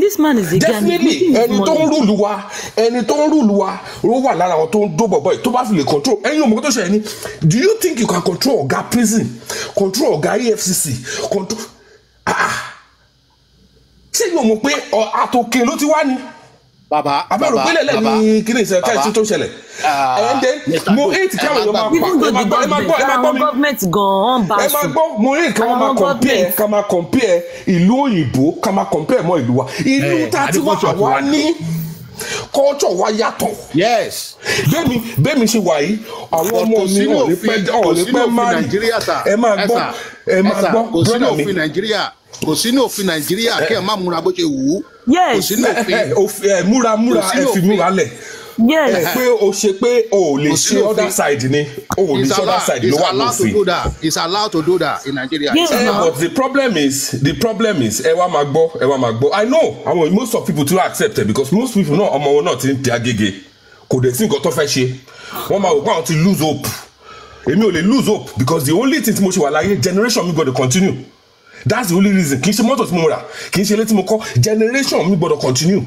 this man is a Ghanaian definitely ẹni tó ń rúlu wa ẹni tó ń rúlu wa ló wà lára àwọn tó ń dó bọ̀bọ̀ yìí tó bá fi lè control ẹ̀yin ọmọ tó ṣe ẹni do you think you can control ọ̀gá prison control ọ̀gá EFCC control ah, ah ṣé yóò mú pé àtòkè ló ti wá ni baba Baba. Baba. abẹ́rù pínlẹ̀ lẹ́nu kíni ìṣẹ̀lẹ̀ káyọ̀ tuntun ṣẹlẹ̀ ẹ̀ẹ́dẹ́ ah, mo eight kí àwọn máa gbọ́ ẹ máa gbọ́ ẹ máa gbọ́ mi ẹ máa gbọ́ mo eight ká máa compare ká máa compare ìlú òyìnbó ká máa compare mọ́ ìlú wa ìlú eh, tá a ti wá àwa ní culture wa yàtọ̀ bẹ́ẹ̀ni bẹ́ẹ̀ni ṣe wà yìí àwọn ọmọ mi ò ní pẹ́ mari ẹ máa gbọ́ ẹ máa gbọ́ brother mi kò sínú òfin nàìjíríà kí ẹ má múra bó ṣe wù ú kò sínú òfin múra múra ẹ fi múra lẹ̀ pé o ṣe pé o ò lè ṣe other side ni o ò lè ṣe other side ló wà lófin it's allowed to do that in Nigeria. Yeah, yeah, but the problem is the problem is ẹ wá máa gbọ́ ẹ wá máa gbọ́ I know àwọn most of people too accept it because most people náà ọmọ wọn náà ti ń tẹ agége kò dẹ̀ sí nǹkan tó fẹ́ ṣe wọ́n máa wò pé àwọn ti lose hope èmi ò lè lose hope because the only thing tí mo ṣe wà láyé generation mi gbọ́dọ̀ continue that's the only reason kì í ṣe mọ́tò tí mo rà kì í ṣe ilé tí mo kọ́ generation mi gbọ́dọ̀ continue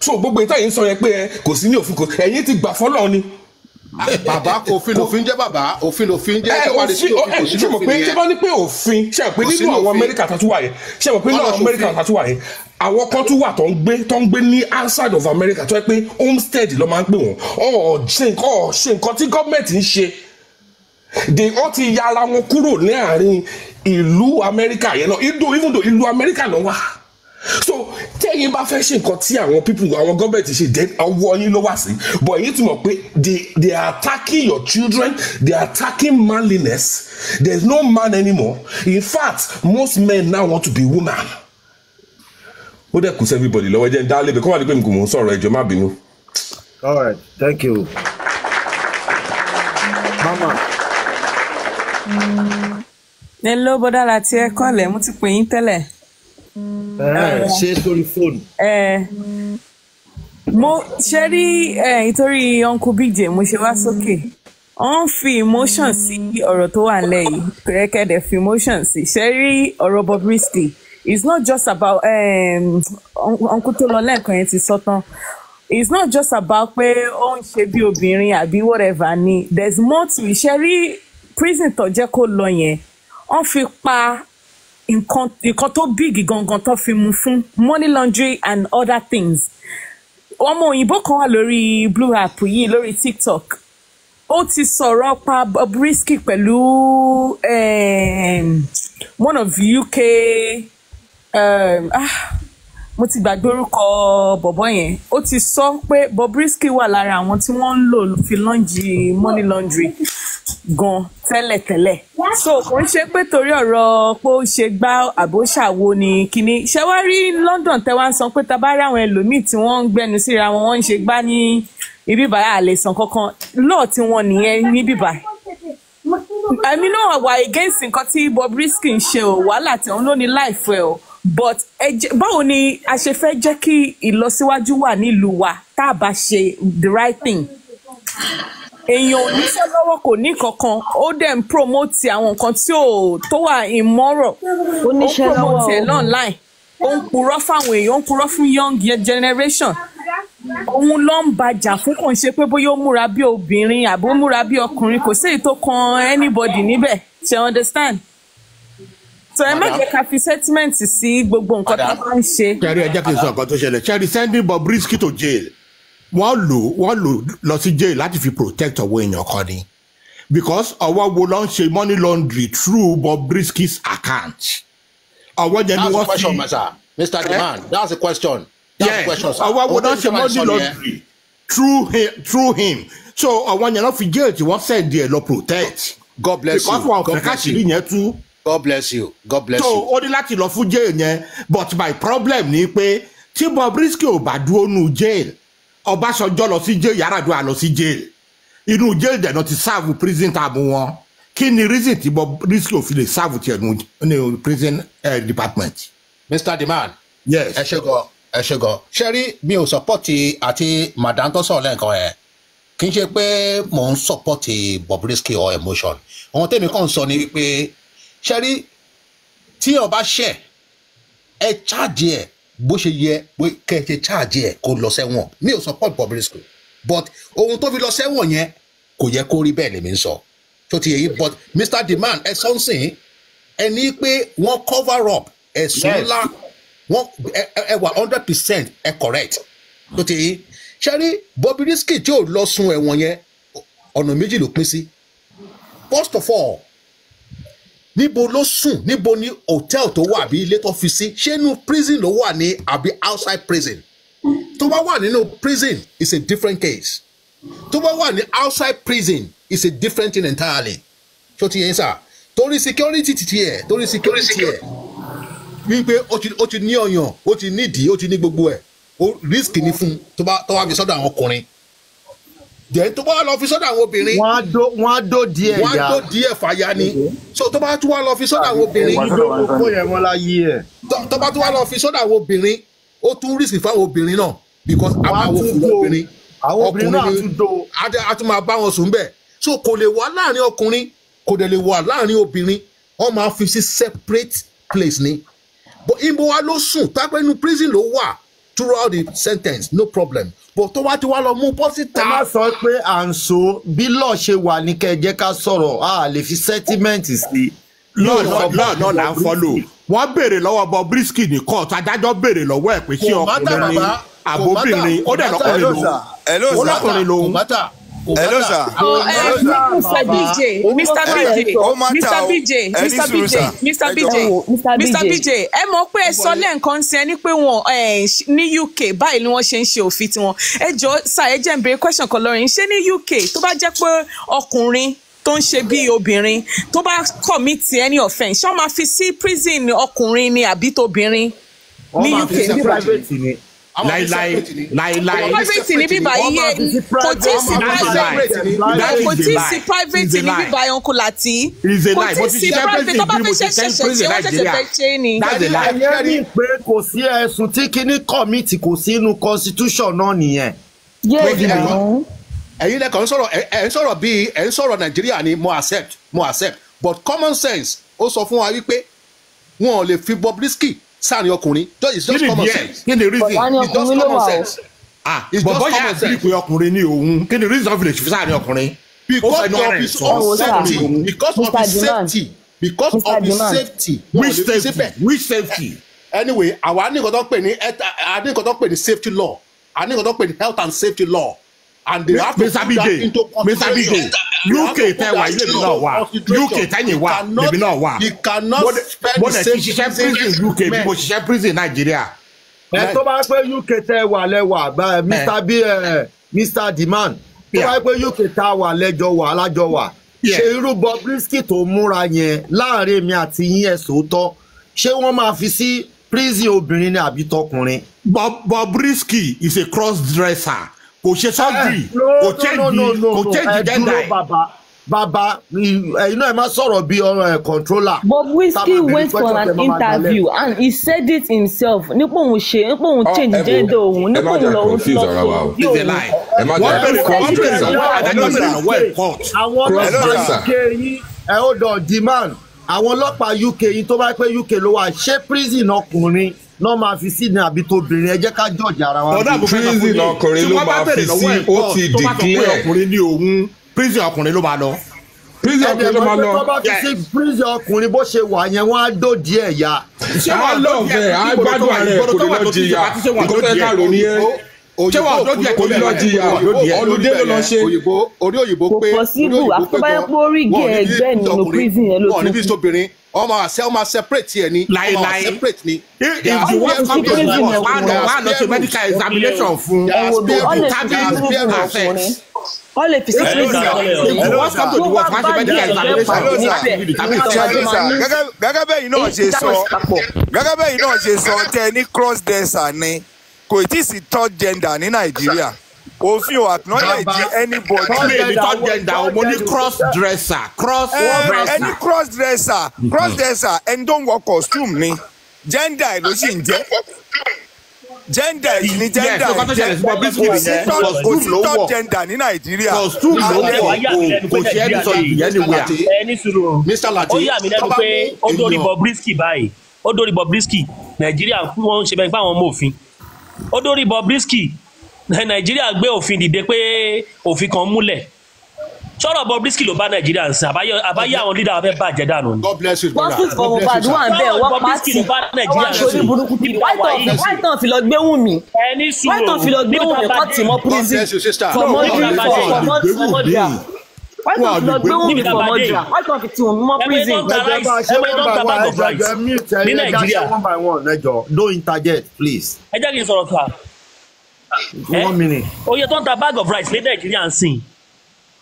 so gbogbo ìta yìí ń sọ yẹn pé kò sí ní òfin kò ẹ̀yin ti gbà fọ́lọ́ ni. bàbá òfin lòfin jẹ́ bàbá òfin lòfin jẹ́ tó wà ní sí òfin kò sí lòfin yẹn. ṣé mo ní pé òfin ṣe mo pé nínú àwọn Amẹ́ríkà tàtú wà yẹn ṣe mo pé nínú àwọn Amẹ́ríkà tàtú wà yẹn àwọn kan tún wà tó ń gbé tó ń gbé ní outside of America tó yẹ pé homestead ló máa ń pè wọ́n ọ̀ ṣe nǹkan tí gọ́ọ̀mẹ̀ntì ń ṣe they all ti ya ara wọn kúrò ní àárín ìlú amẹ́ríkà yẹn náà ìdó even though ìlú amẹ́ríkà náà wà so tẹ́yìn bá fẹ́ ṣe nǹkan tí àwọn people àwọn government ṣe dé ọwọ́ yín ló wà sí but èyí túmọ̀ pé they they are attacking your children they are attacking manliness there is no man anymore in fact most men now want to be woman ó dẹ̀ kù sí everybody lọ́wọ́ jẹ́ ń dá lébi kó má di pé mi kò mọ̀ ń sọ̀rọ̀ ẹ̀jọ̀ má bínú. all right thank you. hello bọ́dá láti ẹ kọ́lẹ̀ mo ti pè yín tẹ́lẹ̀. ṣé sórí fóònù. mo ṣe rí nítorí uncle bj mo ṣe wá sókè ó ń fi emotion sí ọ̀rọ̀ tó wà nílẹ̀ yìí kẹ̀kẹ́dẹ̀ fi emotion sí ṣe rí ọ̀rọ̀ Bobrisky it's not just about uncle tó lọ lẹ́ẹ̀kan yẹn ti sọ tán it's not just about pé ó ń ṣe bí obìnrin àbí whatever ni there's more to it ṣe rí prison tó jẹ́ kó lọ yẹn wọ́n fi pa nǹkan nǹkan tó big gangan tó fi mú fún money laundry and other things ọmọ òyìnbó kan wà lórí blue app yìí lórí tiktok ó ti sọ̀rọ̀ pa Bobrisky pẹ̀lú um, one of UK um, ah, mo ti gbàgbé orúkọ bọ̀bọ̀ yẹn ó ti sọ pé Bobrisky wà lára àwọn tí wọ́n ń lò fi lọ́ǹjì money laundry gan tẹ́lẹ̀tẹ́lẹ̀ so kò ń ṣe pé torí ọ̀rọ̀ pé ó ṣe gbá àbó ni kínní ṣé wàá rí London tẹ́ wá ń sọ pé ta bá rí àwọn ẹlòmíì tí wọ́n ń gbẹnu síra wọn wọ́n ń ṣe gbá ní ibìbà àlè sàn kankan lọ́ọ̀ tí wọ́n nìyẹn ní bíbà àmì náà wà against nǹkan tí Bobrisky ń ṣe ò wàhálà tí òun ló ní láìfẹ́ o but báwo ni a ṣe fẹ́ jẹ́ kí ìlọsíwájú wà nílùú wa tá a bá ṣe the right thing èèyàn ò níṣẹ́ lọ́wọ́ kò ní kankan ó dẹ̀ ń promote àwọn nǹkan tí ò tó wà ìmọ̀rọ̀ ó ń promote ẹ̀ online ó ń purọ́ fáwọn èèyàn ó ń purọ́ fún young generation òun ló ń bàjà fún kò ń ṣe pé bóyá ó múra bí obìnrin àbó múra bí ọkùnrin kò sí èyí tó kan anybody níbẹ̀ ṣe understand so ẹ má jẹ́ ká fi sentiment sí gbogbo nǹkan tó bá ń ṣe. kẹrí ẹ jẹ́ kí n sọ nǹkan tó ṣẹlẹ̀ ṣẹ́rí sending Bobrisky to jail wọ́n lò wọ́n lò lọ sí jail láti fi protect ọwọ́ èèyàn kan ni because ọwọ́ wo ló ń ṣe money laundry through Bobrisky's account ọwọ́ jẹ́ ni wọ́n fi. Mr. Eh? Demand, eh? that's a question. That's yes. a question, sir. Ọwọ́ wo náà ṣe money laundry through him, through him. So àwọn yẹn náà fi jail tí wọ́n send there lọ protect. God bless Because you. Because wọn kà sí yẹn tú. God bless you. God bless so, you. So ó ní láti lọ fún jail yẹn but my problem ni pé tí Bobrisky ò bá dúró nu jail Ọbásanjọ́ lọ sí jail Yar'Adua lọ sí jail inú jail dẹ̀ náà ti serve prison term wọn kí ni reason tí Bobrisky ò fi lè serve tiẹ̀ nu ní prison uh, department. Mr. Demand. Yes. Ẹ ṣe gan ẹ ṣe gan ṣe rí mi ò sọpọ́tì àti madam tó sọ̀rọ̀ lẹ́ẹ̀kan yẹn kì í ṣe pé mò ń sọpọ́tì Bobrisky or emotion ohun tèmi kàn ń sọ ni wípé ṣẹ́rí tíyàn bá ṣẹ̀ ẹ ṣáàjì ẹ̀ bó ṣe yẹ kẹ́ ẹ ṣe ṣáàjì ẹ̀ kó lọ sẹ́wọ̀n mi ò sọ Paul Bobrisky but ohun tó fi lọ sẹ́wọ̀n yẹn kò yẹ kó rí bẹ́ẹ̀ lèmi ń sọ tó ti yẹ but Mr Demand ẹ sọ ń sìn ẹni pé wọ́n cover up ẹ̀sùn ńlá wọ́n ẹ wà hundred percent ẹ correct tó ti yẹ yìí ṣẹ́rí Bobrisky tí ò lọ sun ẹ̀wọ̀n yẹn ọ̀nà méjì ló pín sí first of all níbo ló sùn níbo ni hòtẹ́ẹ̀lì tó wà àbí ilé tó fi sí ṣé inú prison ló wà ní àbí outside prison tó bá wà nínú prison is a different case tó bá wà ní outside prison is a different thing entirely ṣó ti yẹn sà torí security titi ẹ torí security titi ẹ wípé ó ti ní ọyàn ó ti nídìí ó ti ní gbogbo ẹ risk ni fún tó bá fi sọ́dọ̀ àwọn ọkùnrin jẹ́ tó bá lọ fi sọ́dọ̀ àwọn obìnrin. wọ́n á dó wọ́n á dó díẹ̀ yá wọ́n á dó díẹ̀ fàyà ni so tó bá tún wá lọ fi sọ́dọ̀ àwọn obìnrin. ìdókòkò yẹn wọ́n la yí ẹ̀. tó bá tún wá lọ fi sọ́dọ̀ àwọn obìnrin ó tún rìsì fáwọn obìnrin náà because a máa wo fún obìnrin ọkùnrin ni a tún máa bá wọn sùn bẹ́ẹ̀ so kò lè wà láàrin ọkùnrin kò dẹ̀ lè wà láàrin obìnrin wọ́n máa fi sí separate place ni but ibo wa ló sùn tápẹ́nu prison ló wà throughout the sentence no problem but tó wá ti wá lọ mú pọ́sítà. ẹ má sọ pé à ń so bí lọ́ọ̀ ṣe wà ní kẹjẹ ká sọ̀rọ̀ a lè fi sẹ́tímẹ́ǹtì sí. lọ́ọ̀ náà là ń fọ́lò wọ́n béèrè lọ́wọ́ Bobrisky ní court adájọ́ béèrè lọ́wọ́ ẹ̀ pé ṣé ọkùnrin ni àbóbìnrin ó dẹ̀ lọ́kùnrin lòun ó lọ́kùnrin lòun hello sir. Mr. BJ Mr. BJ Mr. BJ Mr. BJ Mr. BJ Mr. BJ ẹ mọ̀ pé ẹ sọ lẹ́ǹkan sí ẹ ní pé wọ́n ní UK báyìí ni wọ́n ṣe ń ṣe òfin tiwọn ẹ jọ sà ẹ jẹ́ ń question kan lọ́rin ṣé ní UK tó bá jẹ́ pé ọkùnrin tó ń ṣe bí obìnrin tó bá commit any offence ṣé wọ́n máa fi sí prison ọkùnrin ni àbí tóbìnrin ní UK. wọ́n máa fi sí private ni láíláí láíláí private ní bíbá iye kò tí ì sí private kò tí ì sí private ní bíbá yonko láti kò tí ì sí private tó bá fẹ́ ṣe ṣẹ̀ṣẹ̀ ṣe wọ́n ṣẹ̀ṣẹ̀ fẹ́ ṣe ni. ìyẹn ní pé kò sí ẹ̀sùn tí kinní kọ̀mìtì kò sí inú constitution náà nìyẹn. ẹ̀yin lẹ́kọ̀ọ́ ń sọ̀rọ̀ ẹ̀ ń sọ̀rọ̀ bíi ẹ̀ ń sọ̀rọ̀ nàìjíríà ni mo accept mo accept but common sense ó sọ fún wa wípé wọn ò lè fi Bobrisky sáàrin ọkùnrin it's just common sense. kí ni reason it's just ah, common sense. ah it's just common sense. bọ̀bọ̀ yà bí ọkùnrin ni òun kí ni reason of village sáàrin ọkùnrin. because of his own safety because of his safety because of his safety. which safety which safety. Eh, anyway àwa ní nǹkan tó ń pè safety law àní nǹkan tó ń pè ní health and safety law and they have to Mr. put that into consideration. UK tẹ wà ilé mi náà wà UK tẹ̀yìn wà lèmi náà wà mo dẹ̀ ti ṣiṣẹ́ prison UK bí mo ṣiṣẹ́ prison Nàìjíríà. ẹ tó bá pẹ́ UK tẹ wà lẹ́wà Mr. B Mr. Demand tó bá pẹ́ UK tẹ wà lẹ́jọ́ wà alájọ́ wà ṣe irú Bobrisky tó múra yẹn láàrin mi àti yín ẹ̀ sòótọ́ ṣé wọ́n máa fi sí prison obìnrin ni àbí tọkùnrin. Bobrisky is a cross dresser kò ṣe surgery eh, kò change kò change eh, gender ẹ. Baba, you know, ẹ má sọ̀rọ̀ bí ọ̀rọ̀ eh, ẹ̀ controller. Bob Whiskey went for an interview and he said it himself. Nípò òun ṣe, nípò òun oh, change gender òun, nípò òun lọ òun lọ fún yóò. Wọ́n bẹ̀rẹ̀ wọ́n bẹ̀rẹ̀ wọ́n bẹ̀rẹ̀ well court. Àwọn ọlọ́pàá UK yín, ẹ̀ ó dọ̀ demand. Àwọn ọlọ́pàá UK yín tó bá pẹ́ UK ló wà, ṣé prison ọkùnrin? náà máa fi sí ní àbí tóbìnrin ẹ jẹ́ ká jọ̀jì ara wa. ọ̀dà àbúfẹ́ prison ọkùnrin ló máa fi sí ó ti declare. tó bá sọ pé ọkùnrin ní òun prison ọkùnrin ló máa lọ. prison ọkùnrin ló máa lọ. tó bá fi sí prison ọkùnrin bó ṣe wà yẹn wọ́n á dòdì ẹ̀ ya. ṣé wàá lọ bẹ́ẹ̀ á ààrẹ kò ní lọ jìyà nǹkan fẹ́ ká rò ní ẹ́ ṣé kò ní lọ jìyà ọlùdé ló lọ ṣe. orí òyìnbó pé orí òyìnbó pé gan ọmọ àṣẹ ọmọ separate yẹn ni ọmọ separate ni. if you wan come to the court wa lọ wa lọ to medical examination fún determine affect. all the physicians if you wan come to the court wa ṣe medical examination fún determine. gẹ́gẹ́ bẹ́yìn náà ṣe sọ gẹ́gẹ́ bẹ́yìn náà ṣe sọ tẹ ní cross dresser ni kò tí ì sí third gender ní nàìjíríà òfin ò acknowledge anybody. tọ́lẹ̀ mi tọ́ gender o mo ní cross dresser cross eh, dresser. ẹni cross dresser mm-hmm. cross dresser ẹni tó ń wọ costume ni gender ló sì ń jẹ́ gender ni gender jẹ kò sí top gender ní nàìjíríà. costume ló wọ kò ṣe ẹni sọ ìyẹn ni wíyà. mr lati ó yà mí lẹ́nu pé ó dórí Bobrisky báyìí ó dórí Bobrisky nàìjíríà wọ́n ń ṣe bẹ́ẹ̀ pé àwọn ọmọ òfin ó dórí Bobrisky nàìjíríà gbé òfin dìde pé òfin kan múlẹ̀ sọ̀rọ̀ Bobrisky ló bá nàìjíríà ń sìn àbáyé àwọn lídà abẹ́ bàjẹ́ dànù ni. God bless you brother. justice for Mohbad wà bẹ́ẹ̀ wọ́n pàtì wọ́n aṣojú burúkú bíi wáìtàn tán fi lọ gbé wùn mí wáìtàn fi lọ gbé wùn mí kọ́ tì mọ́ prison for murder for murder wọ́n tàn fi lọ gbé wùn mí for murder wọ́n tàn fi tì wọ́n mọ́ prison. ẹgbẹ́ tó ń ta bag of rice ní nàìjíríà. ẹ jẹ́ kí n sọ̀rọ̀ sọ̀rọ̀ one eh? minute. oye tó ń ta bag of rice ní nàìjíríà ń sìn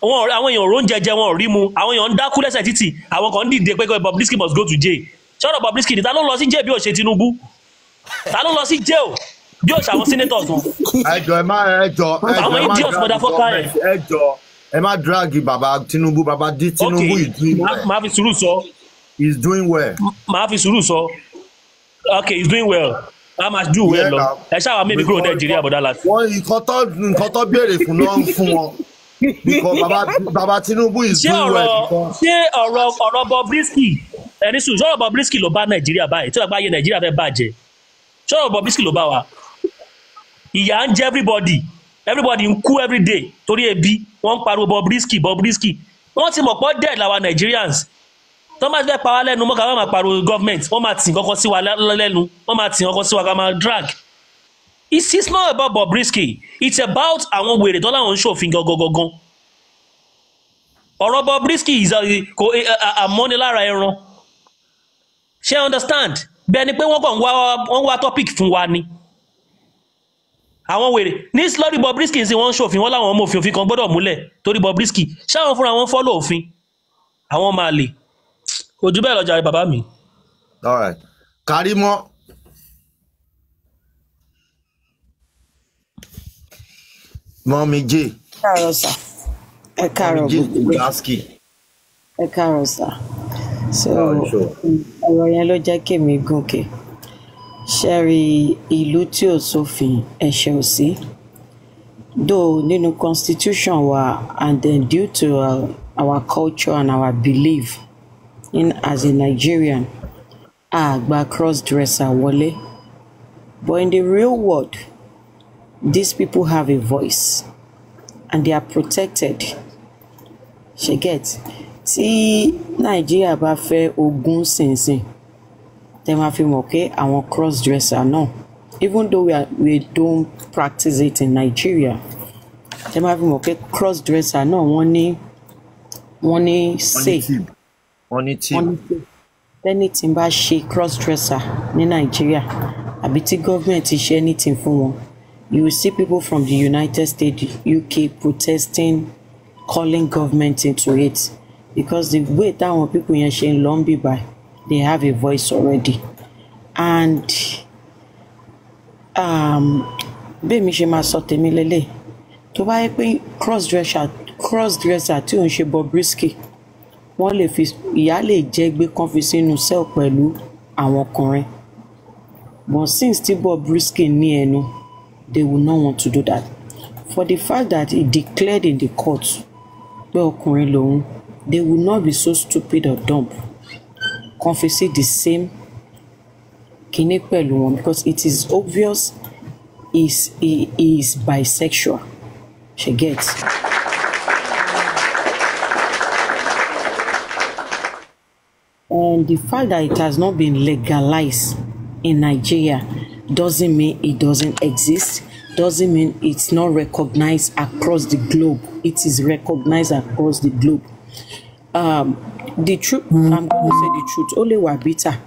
àwọn àwọn èèyàn òró ń jẹjẹ wọn ò rí mu àwọn èèyàn ń dákú lẹ́sẹ̀ títì àwọn kan ń dìde pé Bobrisky must go to jail sọ̀rọ̀ Bobrisky ta ló lọ sí jail bí ó ṣe Tinubu ta ló lọ sí jail bí ó ṣe àwọn senators wọn. ẹjọ ẹ má ẹjọ ẹjọ ẹ má dragi baba Tinubu baba di Tinubu ìdí rẹ. máa fi sùúrù sọ. he's doing well. máa fi sùúrù sọ. okay he's doing well a máa jù wẹ́ẹ̀ lọ ẹ ṣáà wàá mímí kúrò nàìjíríà bọ̀dá láti. wọn nǹkan tó nǹkan tó béèrè fún náà ń fún wọn because baba baba tinubu is doing well. ṣé ọ̀rọ̀ ọ̀rọ̀ Bobrisky ẹni sùn ṣọ́rọ̀ Bobrisky ló bá nàìjíríà báyìí tí wọ́n bá yẹ nàìjíríà fẹ́ bàjẹ́ ṣọ́rọ̀ Bobrisky ló bá wa ìyà ń jẹ everybody everybody ń kú everyday torí ebi wọ́n ń pariwo Bobrisky Bobrisky wọ́n ti mọ̀ pọ́ dead làwa Nigerians tó bá fẹ́ pa wá lẹ́nu mọ́ ká má máa pariwo gọ́ọ̀mẹ̀ntì wọ́n máa tì kọ́kọ́ sí wa lẹ́nu wọ́n máa tì kọ́kọ́ sí wa ká máa drag it's it's not about Bobrisky it's about àwọn wèrè tó láwọn ń ṣòfin gangan ọ̀rọ̀ Bobrisky is kò àmọ́nilára ẹran ṣe understand bẹ́ẹ̀ ni pé wọ́n kàn wọ́n wá topic fún wa ni àwọn wèrè ní lórí Bobrisky sí wọ́n ń ṣòfin wọ́n láwọn ọmọ òfin òfin kan gbọ́dọ̀ múlẹ̀ torí Bobrisky ṣáwọn fúnra wọn fọ́lọ̀ òfin àwọn máa lè ojú bẹ́ẹ̀ lọ bàbá mi. all mọ́mí jẹ́. ẹ káàárọ̀ sà ẹ káàárọ̀ gbogbo ẹ káàárọ̀ sà so ọ̀rọ̀ yẹn ló jẹ́ kémi gòkè ṣẹ́rí ìlú tí ò sófin ẹ̀ṣẹ̀ ò sí though nínú constitution wa and then due to uh, our culture and our belief in as a Nigerian a gba cross-dresser wọlé but in the real world these people have a voice and they are protected she get see Nigeria bá fẹ́ ogun ṣinṣin tẹ́ máa fi mọ̀ pé àwọn cross-dresser no. even though we, are, we don't practice it in Nigeria tẹ́ máa fi okay. pé cross-dresser náà wọ́n ní wọ́n ní say wọ́n ní tí. lẹ́ni tí n bá ṣe cross dresser ní nàìjíríà àbí tí gọ́ọ̀mẹ̀ntì ṣe anything fún wọn you will see people from the united states uk protesting calling government into it because the way táwọn people yẹn ṣe ń lọ ń bì báyìí they have a voice already and um, bẹ́ẹ̀ mi ṣe máa sọ tèmi lélẹ̀ tó bá yẹ pé cross dresser tí òun ṣe Bobrisky wọ́n lè fi ìyá lè jẹ́ gbé kán fi sínú cell pẹ̀lú àwọn ọkùnrin but since tí Bob Risky ní ẹnu they will not want to do that for the fact that he declared in the court pé ọkùnrin lòun they will not be so stupid or dumb kán fi sí the same kínní pẹ̀lú wọn because it is obvious he is, he is bisexual she gets. the fact that it has not been legalized in Nigeria doesn't mean it doesn't exist, doesn't mean it's not recognized across the globe. It is recognized across the globe. Um, the truth, I'm going to say the truth, only Wabita.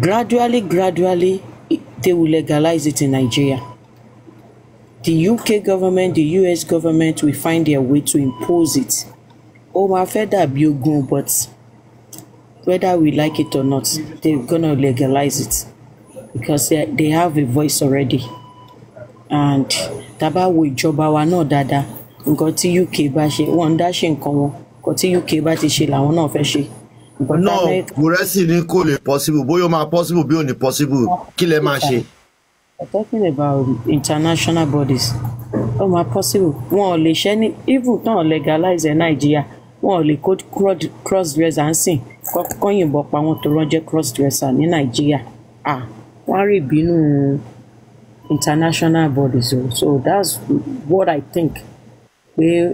Gradually, gradually, it, they will legalize it in Nigeria. The UK government, the US government will find their way to impose it. Oh, my fed up, but whether we like it or not, they're gonna legalize it because they, they have a voice already. And tábà wo ìjọba wa náà dáadáa nǹkan tí UK bá ṣe wọ́n ń dá ṣe nǹkan wọn nǹkan UK bá ti ṣe làwọn náà No. ṣe. náà bùrẹ́sì ni kò lè possible bóyá possible bí ò possible kí lẹ máa ṣe. we're talking about international bodies ó máa possible One ò lè ṣẹ́ ní even tán legalize ẹ̀ Nàìjíríà wọn ò lè kó cross dresser ń sìn kọ́kọ́ yìnbọn pa wọn tó rọ́jẹ́ cross dresser ní nàìjíríà ah wọ́n á rí ìbínú international bodies o so that's what i think pé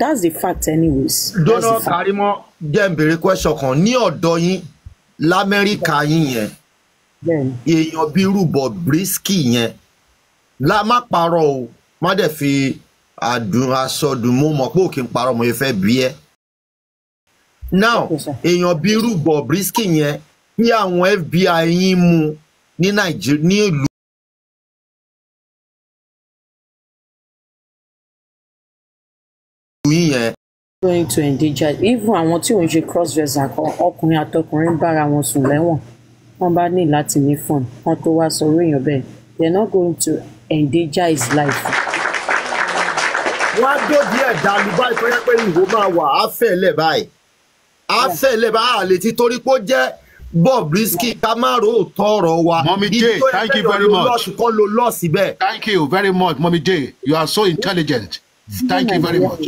that's the fact anyways. dọ́nà Karimo jẹ́ ń béèrè question kan ní ọ̀dọ̀ yín lamẹ́ríkà yín yẹn èèyàn bíi rúbọ̀ bírísìkì yẹn la má parọ́ o má dẹ̀ fi àdùn asọdùn mo mọ̀ pé òkè ń parọ́ mo fẹ́ bí ẹ. now èèyàn bíi irú Bobrisky yẹn bí àwọn FBI yín mú ní Nàìjíríà ní ìlú. going to indigent even àwọn tí òun ṣe cross dresser kan ọkùnrin àtọkùnrin bára wọn sùn lẹ́wọ̀n wọ́n bá ní láti ní fún un wọ́n tó wá sọ orí èèyàn bẹ́ẹ̀ they are not going to endanger his life wọ́n á dòdì ẹ̀ dàlú báyìí tó yẹ pé ìhó máa wà á fẹ́ lẹ̀ báyìí á fẹ́ lẹ̀ báyìí àlè ti torí pé ó jẹ́ Bobrisky ká má rò ó tọrọ wa mọ́mí jay thank you very much lọ́ọ̀sì kọ́ ló lọ́ọ̀sì thank you very much mọ́mí jay you are so intelligent thank you very much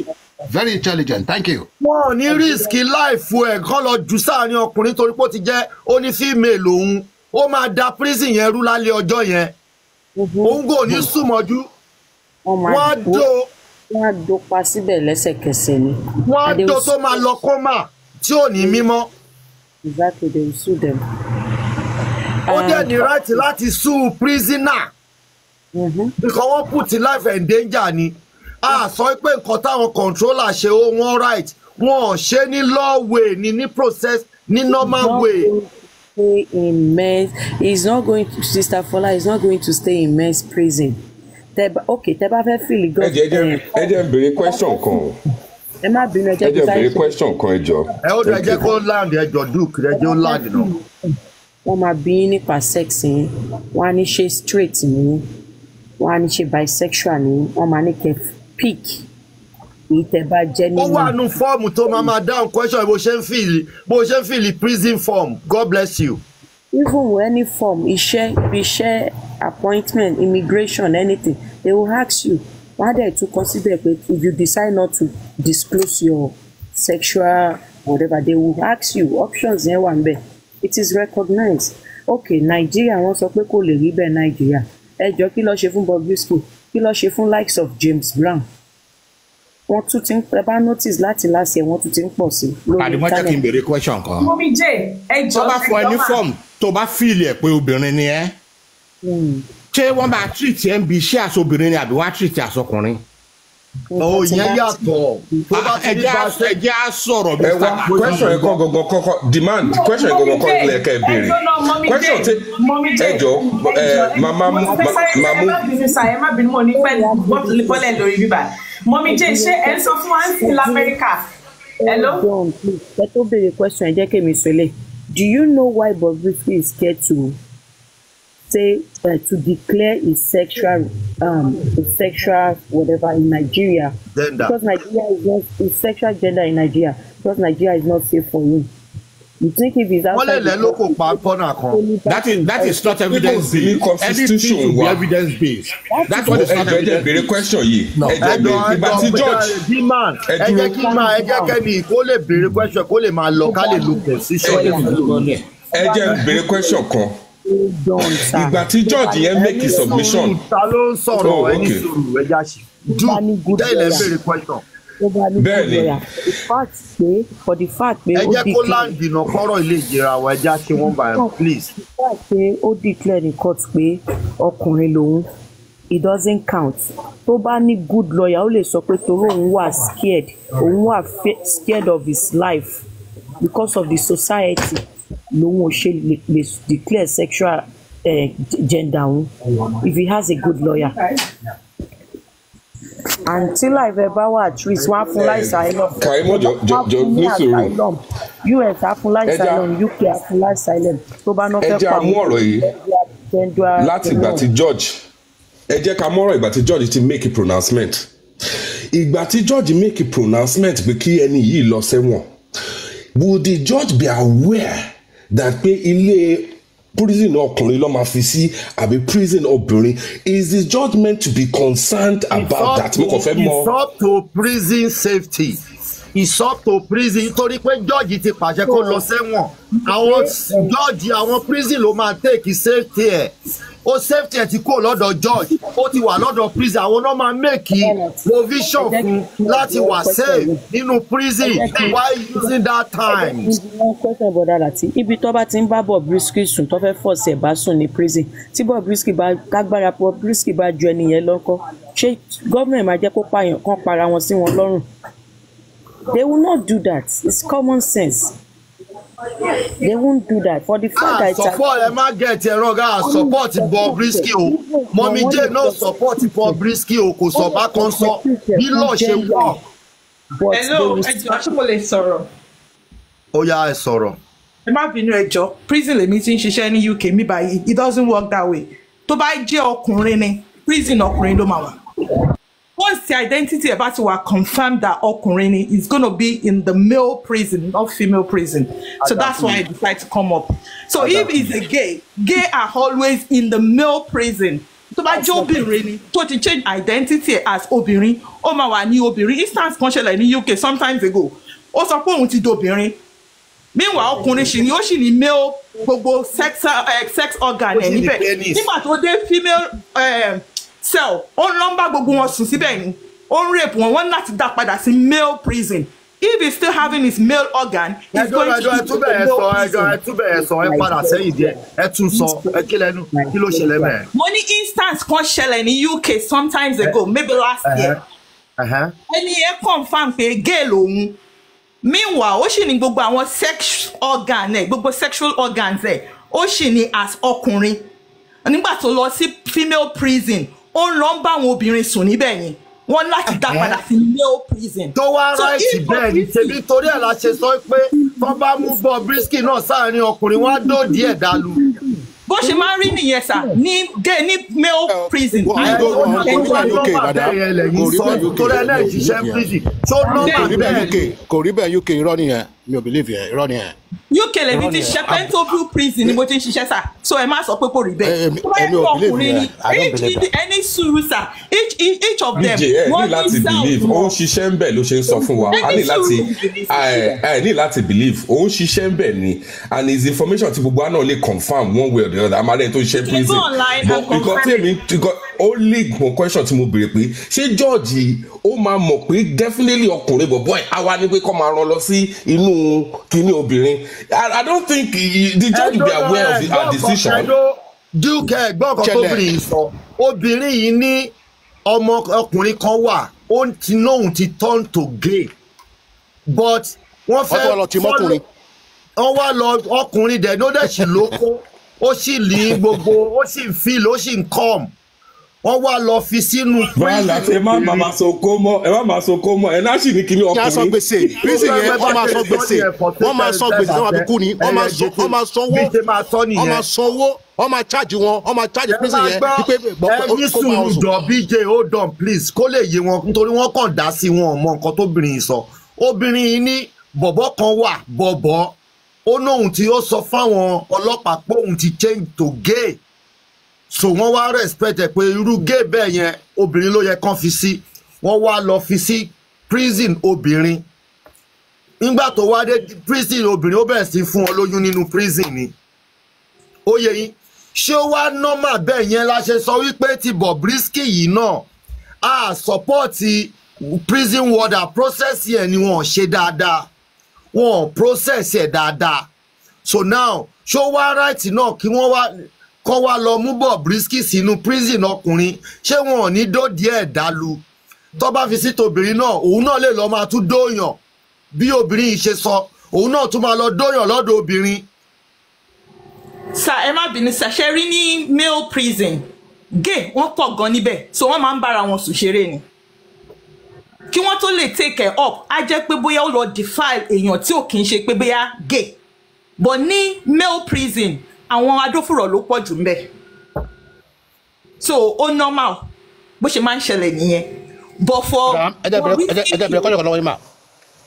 very intelligent thank you. wọn ò ní rísíkì láìfu ẹ̀ kọ́ lọ jù sáàrin ọkùnrin torí pé ó ti jẹ́ ó ní fíìmù òun ó máa da prison yẹn rú lálẹ́ ọjọ́ yẹn mm-hmm. òun kò ní mm-hmm. sùnmọ́jú oh wọ́n á dó wọ́n á dopa síbẹ̀ lẹ́sẹ̀kẹsẹ̀ ni. wọ́n á jọ tó máa lọ kọ́mà tí ò ní mímọ́. exactly they will sue them. ó dẹ̀ ní right láti sue prisoner. nǹkan mm-hmm. put life in danger ni. a sọ pé nǹkan táwọn controller ṣe ó wọ́n right wọn ò ṣe ní law way ni ní process ní normal way. he's not going to Sister Fola he's not going to stay in men's prison tẹ ok tẹ bá fẹ́ fìlì gan. ẹ jẹ́ ẹ jẹ́ ń eh, béèrè question kan o. ẹ má bínú ẹ jẹ́ kí question kan ẹ jọ. ẹ ó dẹ jẹ́ kó land ẹ jọ duke ẹ jẹ́ ó land nù. wọ́n máa bí yín nípa sex yín wọ́n á ní ṣe straight ni wọ́n á ní ṣe bisexual ni wọ́n máa ní kẹ́ pick èyí tẹ bá jẹ́ nínú. ó wà nù fọ́ọ̀mù tó máa máa dáhùn question bó ṣe ń fìlì bó ṣe ń fìlì prison form God bless you even any form iṣẹ́ ibiṣẹ́ appointment immigration anything they will ask you why they to consider kọ if you decide not to disclose your sexual whatever they will ask you options yẹn one, níbẹ̀ it is recognized okay Nigeria wọ́n sọ pé kò lè rí bẹ́ẹ̀ Nigeria ẹ jọ kí ló ṣe fún Bobrisky kí ló ṣe fún likes of James Brown wọ́n tún ti ń ẹ bá notice láti last year wọ́n tún ti ń pọ̀ sí. àdìmọ́ jẹ́ kí n béèrè question kan. mọ́mí jẹ́ ẹ jọ ẹ jọ máa. tó bá fún ẹ ní fọ́ọ̀mù tó bá fíìlì ẹ̀ pé obìnrin ni ẹ́ hmm. ṣé wọ́n máa treat ẹ̀ ń bi iṣẹ́ àṣọbìnrin ni àbí wọ́n á treat ẹ̀ àṣọkùnrin. Ó oh, yẹn yàtọ̀. Tó bá ah, ti bá ṣe. Ẹ jẹ́ á sọ̀rọ̀ bí sábà. Ẹ wá question ẹ̀kọ́ gọ̀gọ̀ kọ́kọ́ demand question ẹ̀kọ́ gọ̀gọ̀ kọ́kọ́ ilẹ̀ ẹ̀ka ẹ̀ béèrè. Question ti ẹjọ́ mama mamu. Ẹ má bínú sa ẹ má bínú mọ̀ ní pẹ́ẹ́lí bọ́ọ̀lù lórí bíbá mọ́mí jẹ́ ṣé ẹ ń sọ fún wa ń sìn lamẹ́ríkà. hello. ẹ tó béèrè question ẹ jẹ́ kí mi sọ lè do you know why Bobrisky is scared to say uh, to declare his sexual um his sexual whatever in Nigeria gender. because Nigeria is not his sexual gender in Nigeria because Nigeria is not safe for him you think if he's outside. wọ́n that is that is not evidence based anything should be evidence based. that's what is not evidence based. ẹjẹ bèrè question yìí. ẹjẹ bèrè ìgbà tí george. ẹ jẹ́ kí máa ẹ jẹ́ kẹ́mi kó lè bèrè question kó lè máa lọ ká lè lo position. ẹ jẹ́ bèrè question kan ìgbà tí george yẹn make his submission. ta ló ń sọ̀rọ̀ oh, ẹni sọ̀rọ̀ ẹja ṣe. ju tẹ́lẹ̀ bèrè question bẹ́ẹ̀ni for the fact pé ó declare ẹ jẹ́ kó láǹdì náà ilé ìjẹra wa ẹ já kí bá ẹ please. for the fact pé ó declare ní court pé ọkùnrin lòun it doesn't count tó bá ní good lawyer ó lè sọ pé torí òun wà scared òun wà scared of his life because of the society lòun ò ṣe lè declare sexual uh, gender òun if he has a good lawyer àǹtí láìpẹ́ bá wà treat wọ́n á fún láìsí asylum. kàìmọ̀ jọ jọ jọ ní sùúrù. us á fún láìsí asylum uk á fún láìsí asylum tó bá náà fẹ́ pa àwọn láti ìgbà tí george ẹ jẹ́ ká mọ́rọ̀ ìgbà tí george ti make a pronouncement ìgbà tí george make a pronouncement pé kí ẹni yìí lọ sẹ́wọ̀n will the judge be aware that pé ilé prison ọkùnrin ló máa fi sí àbí prison obìnrin is the judge meant to be concerned about that mo kàn fẹ́ mọ̀. it's up to prison safety He up to prison nítorí pé jọ́ọ̀jì ti pàṣẹ kó lọ sẹ́wọ̀n àwọn jọ́ọ̀jì àwọn prison ló máa take safety ẹ̀ ó safety ẹ̀ ti kó lọ́dọ̀ George ó ti wà lọ́dọ̀ prison àwọn náà máa make provision fún láti wà safe nínú prison why using that time. ibi tó bá ti ń bá Bobrisky sùn tó fẹ́ fọ̀sẹ̀ bá sùn ní prison tí Bobrisky bá kágbára Bobrisky bá ju ẹnìyẹn lọ́kọ́ ṣé gómìnà máa jẹ́ kó pààyàn kan para wọn sí wọn lọ́rùn they will not do that it's common sense they won't do that for the fact ah, that support ẹ má get ẹ wrong ah support Bobrisky Oh, mommy jẹ no support Bobrisky Oh, cause sọ bá kan sọ bí lọ ṣe wọ. hello ẹjọ ṣé mo lè sorrow. ó yá ẹ sọ̀rọ̀. ẹ má bínú ẹjọ prison lèmi ti ń ṣiṣẹ́ ní UK Me báyìí it doesn't work that way To buy jail, ọkùnrin ni prison ọkùnrin ló máa wà once the identity of bá ti confirmed that Okunrin is going to be in the male prison not female prison so that's why I decide to come up so if he's a gay gay are always in the male prison So bá jẹ́ obìnrin ni tó change identity as obìnrin ó máa wà ní obìnrin instance kan ṣẹlẹ̀ ní UK sometimes ago ó sọ pé òun ti meanwhile Okunrin, ṣì ni ó ṣì male gbogbo sex, uh, sex organ ẹ̀ níbẹ̀ nígbà tó dé female um, cell ó ń lọ ń bá gbogbo wọn sùn síbẹ̀ ni ó ń rape wọn wọ́n láti dá padà sí male prison if he's still having his male organ he's going to be the male prison. ẹjọ ẹ tún bẹ̀rẹ̀ sọ ẹ padà sẹ́yìn díẹ̀ ẹ tún sọ ẹ kí lẹ́nu kí ló ṣẹlẹ̀ mẹ́ẹ̀. mo ní instance kan ṣẹlẹ̀ ní UK sometimes ago eh, maybe last eh, year eh, ẹni yẹn confam pé gay lòun meanwhile ó sì ní gbogbo àwọn sex organ ẹ gbogbo sexual organs ẹ ó sì ní as ọkùnrin nígbà tó lọ sí female prison ó ń lọ ń bá àwọn obìnrin sùn níbẹ̀ yẹn wọ́n láti dá padà sí male prison. tó wá ráìtì bẹ́ẹ̀ ni tèmi torí ẹ̀ la ṣe sọ pé tó bá mú Bobrisky náà sáàrin ọkùnrin wá dòdì ẹ̀ dálu. bó ṣe máa ń rí nìyẹn sà ní dé ní male prison. kò rí bẹ́ẹ̀ UK kò rí bẹ́ẹ̀ UK irọ́ nìyẹn mi ò believe yẹn irọ́ ni yẹn. uk lèmi ti ṣiṣẹ́ pentonville prison ni mo ti ń ṣiṣẹ́ sà so ẹ má sọ pé kò rí bẹ́ẹ̀. èmi eh, eh, eh, ò believe yẹn ẹni sùúrù sà each of them wọ́n ní believe ó ń ṣiṣẹ́ ń bẹ̀ ló ṣe ń sọ fún wa a ní láti a ní láti believe ó ń ṣiṣẹ́ ń bẹ̀ ni and his information ti gbogbo àná lè confirm one way or the other amalẹ̀ tó ṣe prison but nǹkan tí èmi ó lè gbọ́n question tí mo béèrè pé ṣé George ó máa mọ̀ pé definitely ọkùnrin bọ̀bọ̀ ẹ̀ àwa ni pé kọ́ máa rán lọ sí inú kinní obìnrin I don't think the judge will be aware of her uh, decision. dúkẹ́ ẹ̀gbọ́n kan tóbìnrin yìí sọ obìnrin yìí ní ọmọ ọkùnrin kan wà ó ti lóun ti turn to gay but wọ́n fẹ́ wọ́n wá lọ ọkùnrin dẹ̀ ló dẹ̀ sì lóko ó sì lè gbogbo ó sì feel ó ń come wọ́n wá lọ fi sínú. wàhálà ẹ má má má so kó mọ ẹ má má so kó mọ ẹ náà sì ní kiri ọkùnrin. yà sọ gbèsè bísí yẹn wọ́n máa sọ gbèsè wọ́n máa sọ gbèsè wọ́n máa fi kú ni wọ́n máa sọ wọ́n máa sanwó wọ́n máa sanwó wọ́n máa charge wọn wọ́n máa charge bísí yẹn pípé gbọ́ pé ó kó máa sùn. dọ̀ bj hold on please kó lè yé wọn nítorí wọ́n kàn dá sí wọn mọ nǹkan tóbìnrin sọ obìnrin yìí ní bọ̀bọ̀ kan wà bọ̀bọ̀ ó náà òun ti ó sọ fáwọn gay so wọ́n wá respect ẹ̀ pé irú gay bẹ́ẹ̀ yẹn obìnrin ló yẹ kán fi sí wọ́n wá lọ fi sí prison obìnrin nígbà tó wá dé prison obìnrin ó bẹ̀rẹ̀ sí fún ọ lóyún nínú prison ni ó yẹ yín ṣé ó wá nọ́mà bẹ́ẹ̀ yẹn la ṣe sọ wípé ti Bobrisky yìí náà a sọ́pọ́ọ̀tì prison warder process yẹn ni wọ́n ṣe dáadáa wọ́n process yẹn dáadáa so now ṣó wá right náà kí wọ́n wá kọ́ wá lọ mú Bobrisky sínú prison ọkùnrin ṣé wọn ò ní dòdì ẹ̀ dálu tó bá fi sí tobìnrin náà òun náà lè lọ́ọ́ máa tún dóyàn bí obìnrin yìí ṣe sọ òun náà tún máa lọ dóyàn lọ́dọ̀ obìnrin. sà ẹ má bínú ṣàṣẹrí ní male prison gay wọ́n pọ̀ gan níbẹ̀ so wọ́n máa ń bára wọn sùn ṣeré ni kí wọ́n tó lè take it up á jẹ́ pé bóyá ó lọ defile èèyàn tí ò kì í ṣe pé bóyá gay but ní male prison àwọn adófòrò ló pọ̀ jù mbẹ̀ so ó normal bó ṣe máa ń ṣẹlẹ̀ nìyẹn but for. ẹ jẹ́ bẹ̀rẹ̀ kọ́jọ́ kan lọ́wọ́ yín mà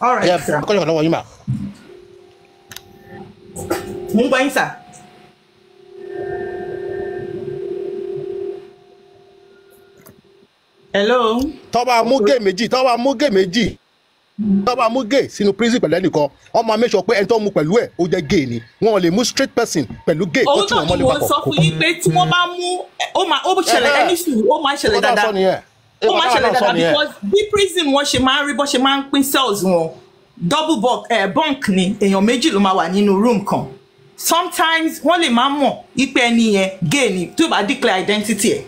ẹ jẹ́ bẹ̀rẹ̀ kọ́jọ́ kan lọ́wọ́ yín mà. mo ń gbọ́ yín sà. hello. tọ́ba mú gé méjì tọ́ba mú gé méjì tó bá mú gay sínú prison pẹ̀lú ẹnìkan wọ́n máa make sure pé ẹni tó mú pẹ̀lú ẹ̀ ó jẹ́ gay ni wọ́n lè mú straight person pẹ̀lú gay tó tún wọn mọ́lẹ̀ papọ̀. òun náà ni mo sọ fún yín pé tí wọ́n bá mú ó máa ó ṣẹlẹ̀ eh, eh, eh. ẹni sùúrù ó máa ṣẹlẹ̀ dáadáa ó máa ṣẹlẹ̀ dáadáa because bí prison wọn ṣe máa ń rí bọ́ ṣe máa ń pín cells wọn double bunk bunk ni èèyàn méjì ló máa wà nínú room kan sometimes wọ́n lè máa mọ̀ ipe ẹni yẹn gay ni tó bá declare identity ẹ̀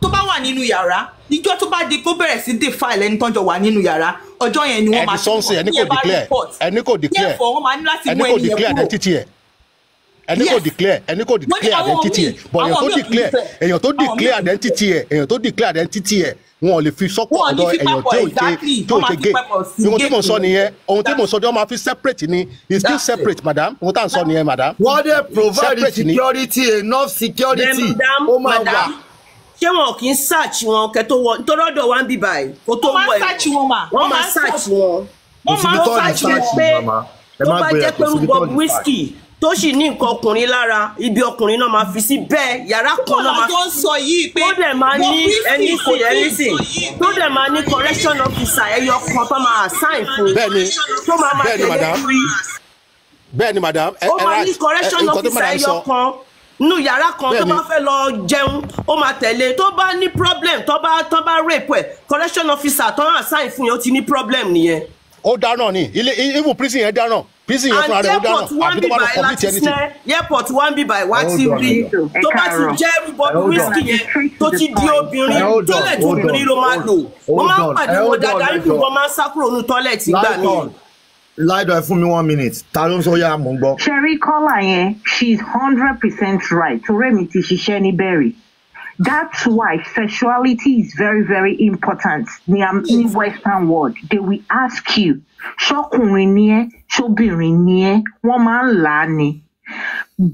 tó bá wà nínú yàrá ìjọ tó bá di kó bẹ̀rẹ̀ sí defile ẹni tọ́jọ wà nínú yàrá ọjọ́ yẹn ni wọ́n máa tó wọ́n ní ẹ bá report ẹni kò declare ẹni kò declare identity ẹ̀ ẹni kò declare ẹni kò declare identity ẹ̀ but èèyàn tó declare èèyàn tó declare identity ẹ̀ èèyàn tó declare identity ẹ̀ wọn ò lè fi sọ́pọ̀ ọ̀dọ̀ èèyàn tí ò ṣe tí ò ṣe gay ohun tí mo sọ nìyẹn ohun tí mo sọ ni wọ́n máa fi separate ni is still separate madam ohun tá à ń sọ nìyẹn madam. wọ́n dẹ̀ provide security enough security ó máa wà ṣé wọn kì í search wọn kẹ tó wọ nítorí ọ̀dọ̀ wa ń bí báyìí kó tó wọ ẹwọn wọn máa search wọn wọn máa search wọn pé tó bá jẹ́ pé rúbọ wíṣkì tó sì ní nǹkan ọkùnrin lára ibi ọkùnrin náà máa fi sí bẹ́ẹ̀ yàrá kan náà máa tó dẹ̀ máa ní ẹni kò yẹ nísìn tó dẹ̀ máa ní correction officer ẹyọ kan tó máa assign fún tó máa máa tẹ̀lé kiri bẹ́ẹ̀ ni madam ẹ ẹ ra nǹkan tó máa sọ nínú yàrá kan tó bá fẹ́ lọ jẹun ó máa tẹ̀lé tó bá ní problem tó bá tó bá rape ẹ̀ correction officer tó hàn sáì fún yẹn ó ti ní problem nìyẹn. ó dáná ni ilé even prison yẹn dáná prison yẹn fúnra rẹ̀ ó dáná àbí tó bá lọ commit anything. airport one be by one ti rí tó bá ti jẹ́ rúbọ́dù wíṣkì yẹn tó ti di obìnrin tọ́lẹ̀tì obìnrin ló máa lò wọ́n máa ń pàdé wọn dáadáa nígbà wọ́n máa ń sá kúrò ní tọ́lẹ̀tì gbà míì láìdọ̀ ẹ fún mi one minute ta ló ń sọ yá mò ń gbọ́. sherry kọ́là yẹn she is hundred percent right torí èmi ti ṣiṣẹ́ níbẹ̀ rí that's why sexuality is very very important ní ní western world they will ask you ṣọkùnrin ni ẹ ṣọbìnrin ni ẹ wọ́n máa ń là á ni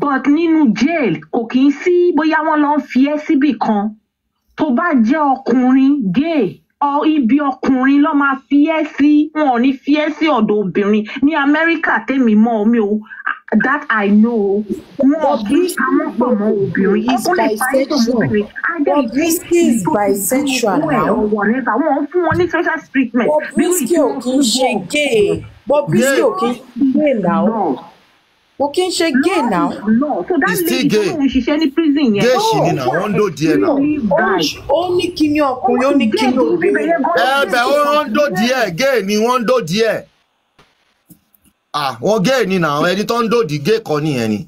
but nínú jail kò kì í sí bóyá wọ́n lọ ń fi ẹ́ síbì kan tó bá jẹ́ ọkùnrin gay ọ ibi ọkùnrin ló máa fi ẹ́ sí wọn ò ní fi ẹ́ sí ọ̀dọ̀ obìnrin ní amẹ́ríkà tèmi mọ́ omi o that i know wọn ò kí àwọn pọ̀ mọ́ obìnrin ìkúnlẹ̀ bisexual Bobrisky is bisexual now wọn ò fún wọn ní special treatment. Bobrisky ò kí ń ṣe gay Bobrisky ò kí ń ṣe gay now kò kí n ṣe gay now. no so that lady tó ń ṣiṣẹ́ ní prison yẹn. gay ṣì ni na wọ́n oh, ń dò díẹ̀ náà. ó ní kíní ọkùnrin ó ní kíní obìnrin. ẹ̀bẹ̀ ó wọ́n ń dò gay ni wọ́n ń dò díẹ̀. gay ni na ẹni tó ń dòdì gay kọ́ nìyẹn ni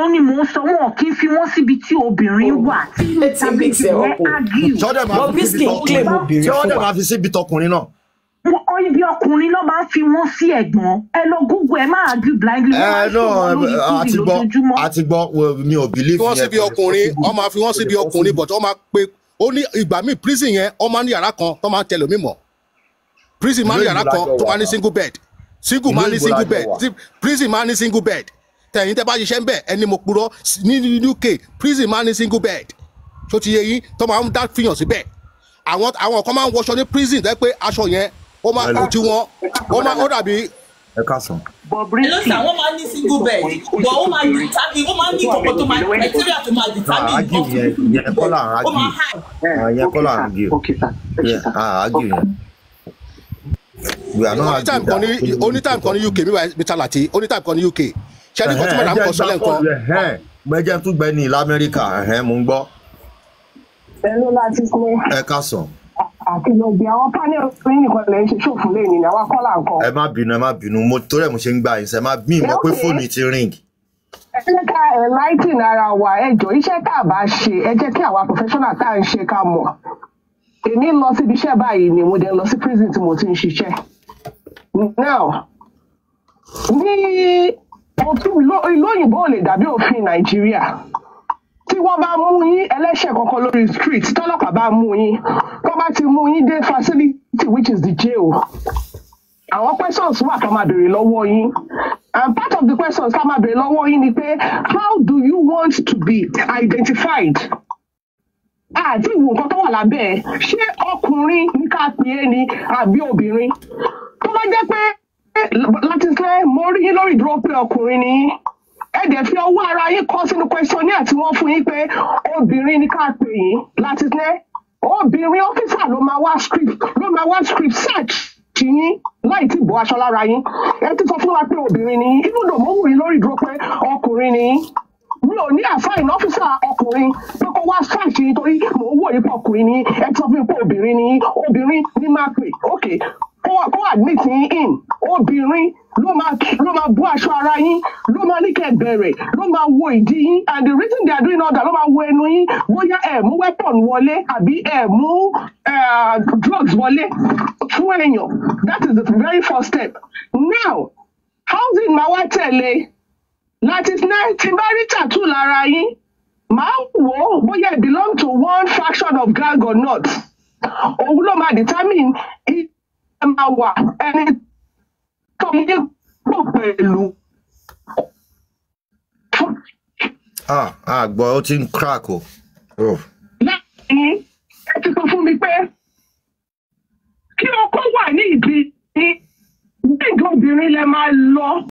ó ní eh, mò ń sọ wọn kí n fi wọn síbi tí obìnrin wà tí tàbí tí wọn á gíw. sọ́dọ̀ máa fi síbi tọkùnrin náà ibi ọkùnrin ló máa ń fi wọn sí ẹ̀gbọ́n ẹ lọ gúgú ẹ máa gbé blindly wọn máa ń fi wọn lórí tv lójoojúmọ́. àti gbọ́ mi ò bìlífì yẹn. wọ́n síbi ọkùnrin wọ́n máa fi wọ́n síbi ọkùnrin but wọ́n máa pe ó ní ìgbà míì prison yẹn wọ́n máa ní yàrá kan tó máa ń tẹ̀lé mi prison máa ní yàrá kan tó máa ní single bed single máa ní single bed prison máa ní single bed tẹ̀yìn tẹ́ bá ṣiṣẹ́ ń bẹ̀ ẹni mo purọ́ ní UK prison máa ní single bed tó ti yẹ yín tó máa ń dá fihàn síbẹ̀ àwọn àwọn kan máa ń wọṣọ ní prison tẹ́ pé aṣọ yẹn ó máa kú tí wọ́n ó máa ó dàbí. ẹ káàsán. hello sir wọ́n máa ní single bed bọ̀ ó máa ní tàbí ó máa ní kọ̀kọ́ tó máa criteria tó máa determine. àágì ah, yẹn yẹn kọ́lá àágì ah, yẹn kọ́lá àágì ah, yẹn àágì yẹn. onítàìmù kan ní onítàìmù kan ní UK mi wà mí talàtì onítàìmù kan ní UK ṣé ní kọ́tùmọ̀ náà ń kọ́ sílẹ̀ nǹkan. gbẹ́jẹ́ tún gbẹ́ ní ilẹ̀ Amẹ́ríkà mo ń gbọ́. ẹ ló láti kú. ẹ ká sàn. àti lọ́ọ̀bì panel kọla ẹ má bínú ẹ má bínú mo torí ẹ mo ṣe ń gba àyìnsẹ má bí pé fóònù ti ring. ẹ jẹ́ ká ara wa ẹ jọ tá a bá ṣe ẹ kí àwa professional tá à ń ṣe ká èmi lọ síbi ni mo lọ prison tí mo ti ń now ní ìlú òyìnbó ò lè tí wọ́n bá mú yín ẹlẹ́ṣẹ̀ kankan lórí street tọ́lọ́pàá bá mú yín tó bá ti mú yín dé facility which is the jail àwọn questions wà ká máa béèrè lọ́wọ́ yín and part of the questions ká máa béèrè lọ́wọ́ yín ni pé how do you want to be identified? àti ìwò nǹkan tó wà lábẹ́ ẹ̀ ṣé ọkùnrin ní ká pè é ni àbí obìnrin tó bá jẹ́ pé láti sẹ́ mo rí yín lórí ìdúró pé ọkùnrin ni yín ẹ dẹ̀ fi ọwọ́ ara yín kọ sínú questionnaire tí wọ́n fún yín pé obìnrin ni ká pè yín láti lẹ́ obìnrin ọ́fíìsà ló máa wá script ló máa wá script search ti yín láì tí bọ́ aṣọ lára yín ẹ ti sọ fún wa pé obìnrin ni yín ibùdó mo wù yín lórí ìdúró pé ọkùnrin ni yín mi ò ní àfáìn ọ́fíìsà ọkùnrin pé kó wá ṣáàṣì nítorí mò ń wò yín pé ọkùnrin ni ẹ ti sọ fún mi pé obìnrin ni obìnrin ni máa pè ókè kó admit yín in obìnrin ló máa ló máa bú aṣọ ara yín ló máa ní kẹ́ bẹ̀rẹ̀ ló máa wo ìdí yín and the reason they are doing all that ló máa wo ẹnu yín bóyá ẹ mú weapon wọlé àbí ẹ mú drugs wọlé fún èèyàn that is the very first step now housing máa wá tẹ̀lé láti ti bá rí tattoo lára yín máa wò ó bóyá it belong to one faction of gang or not òun ló máa determine máa wà ẹni tó ní kò pẹ̀lú. àgbọ̀ ó ti ń crack o. láàrin ẹ ti sọ fún mi pé kí ọkọ wà ní ìdí ní gbígbó obìnrin lè máa lọ.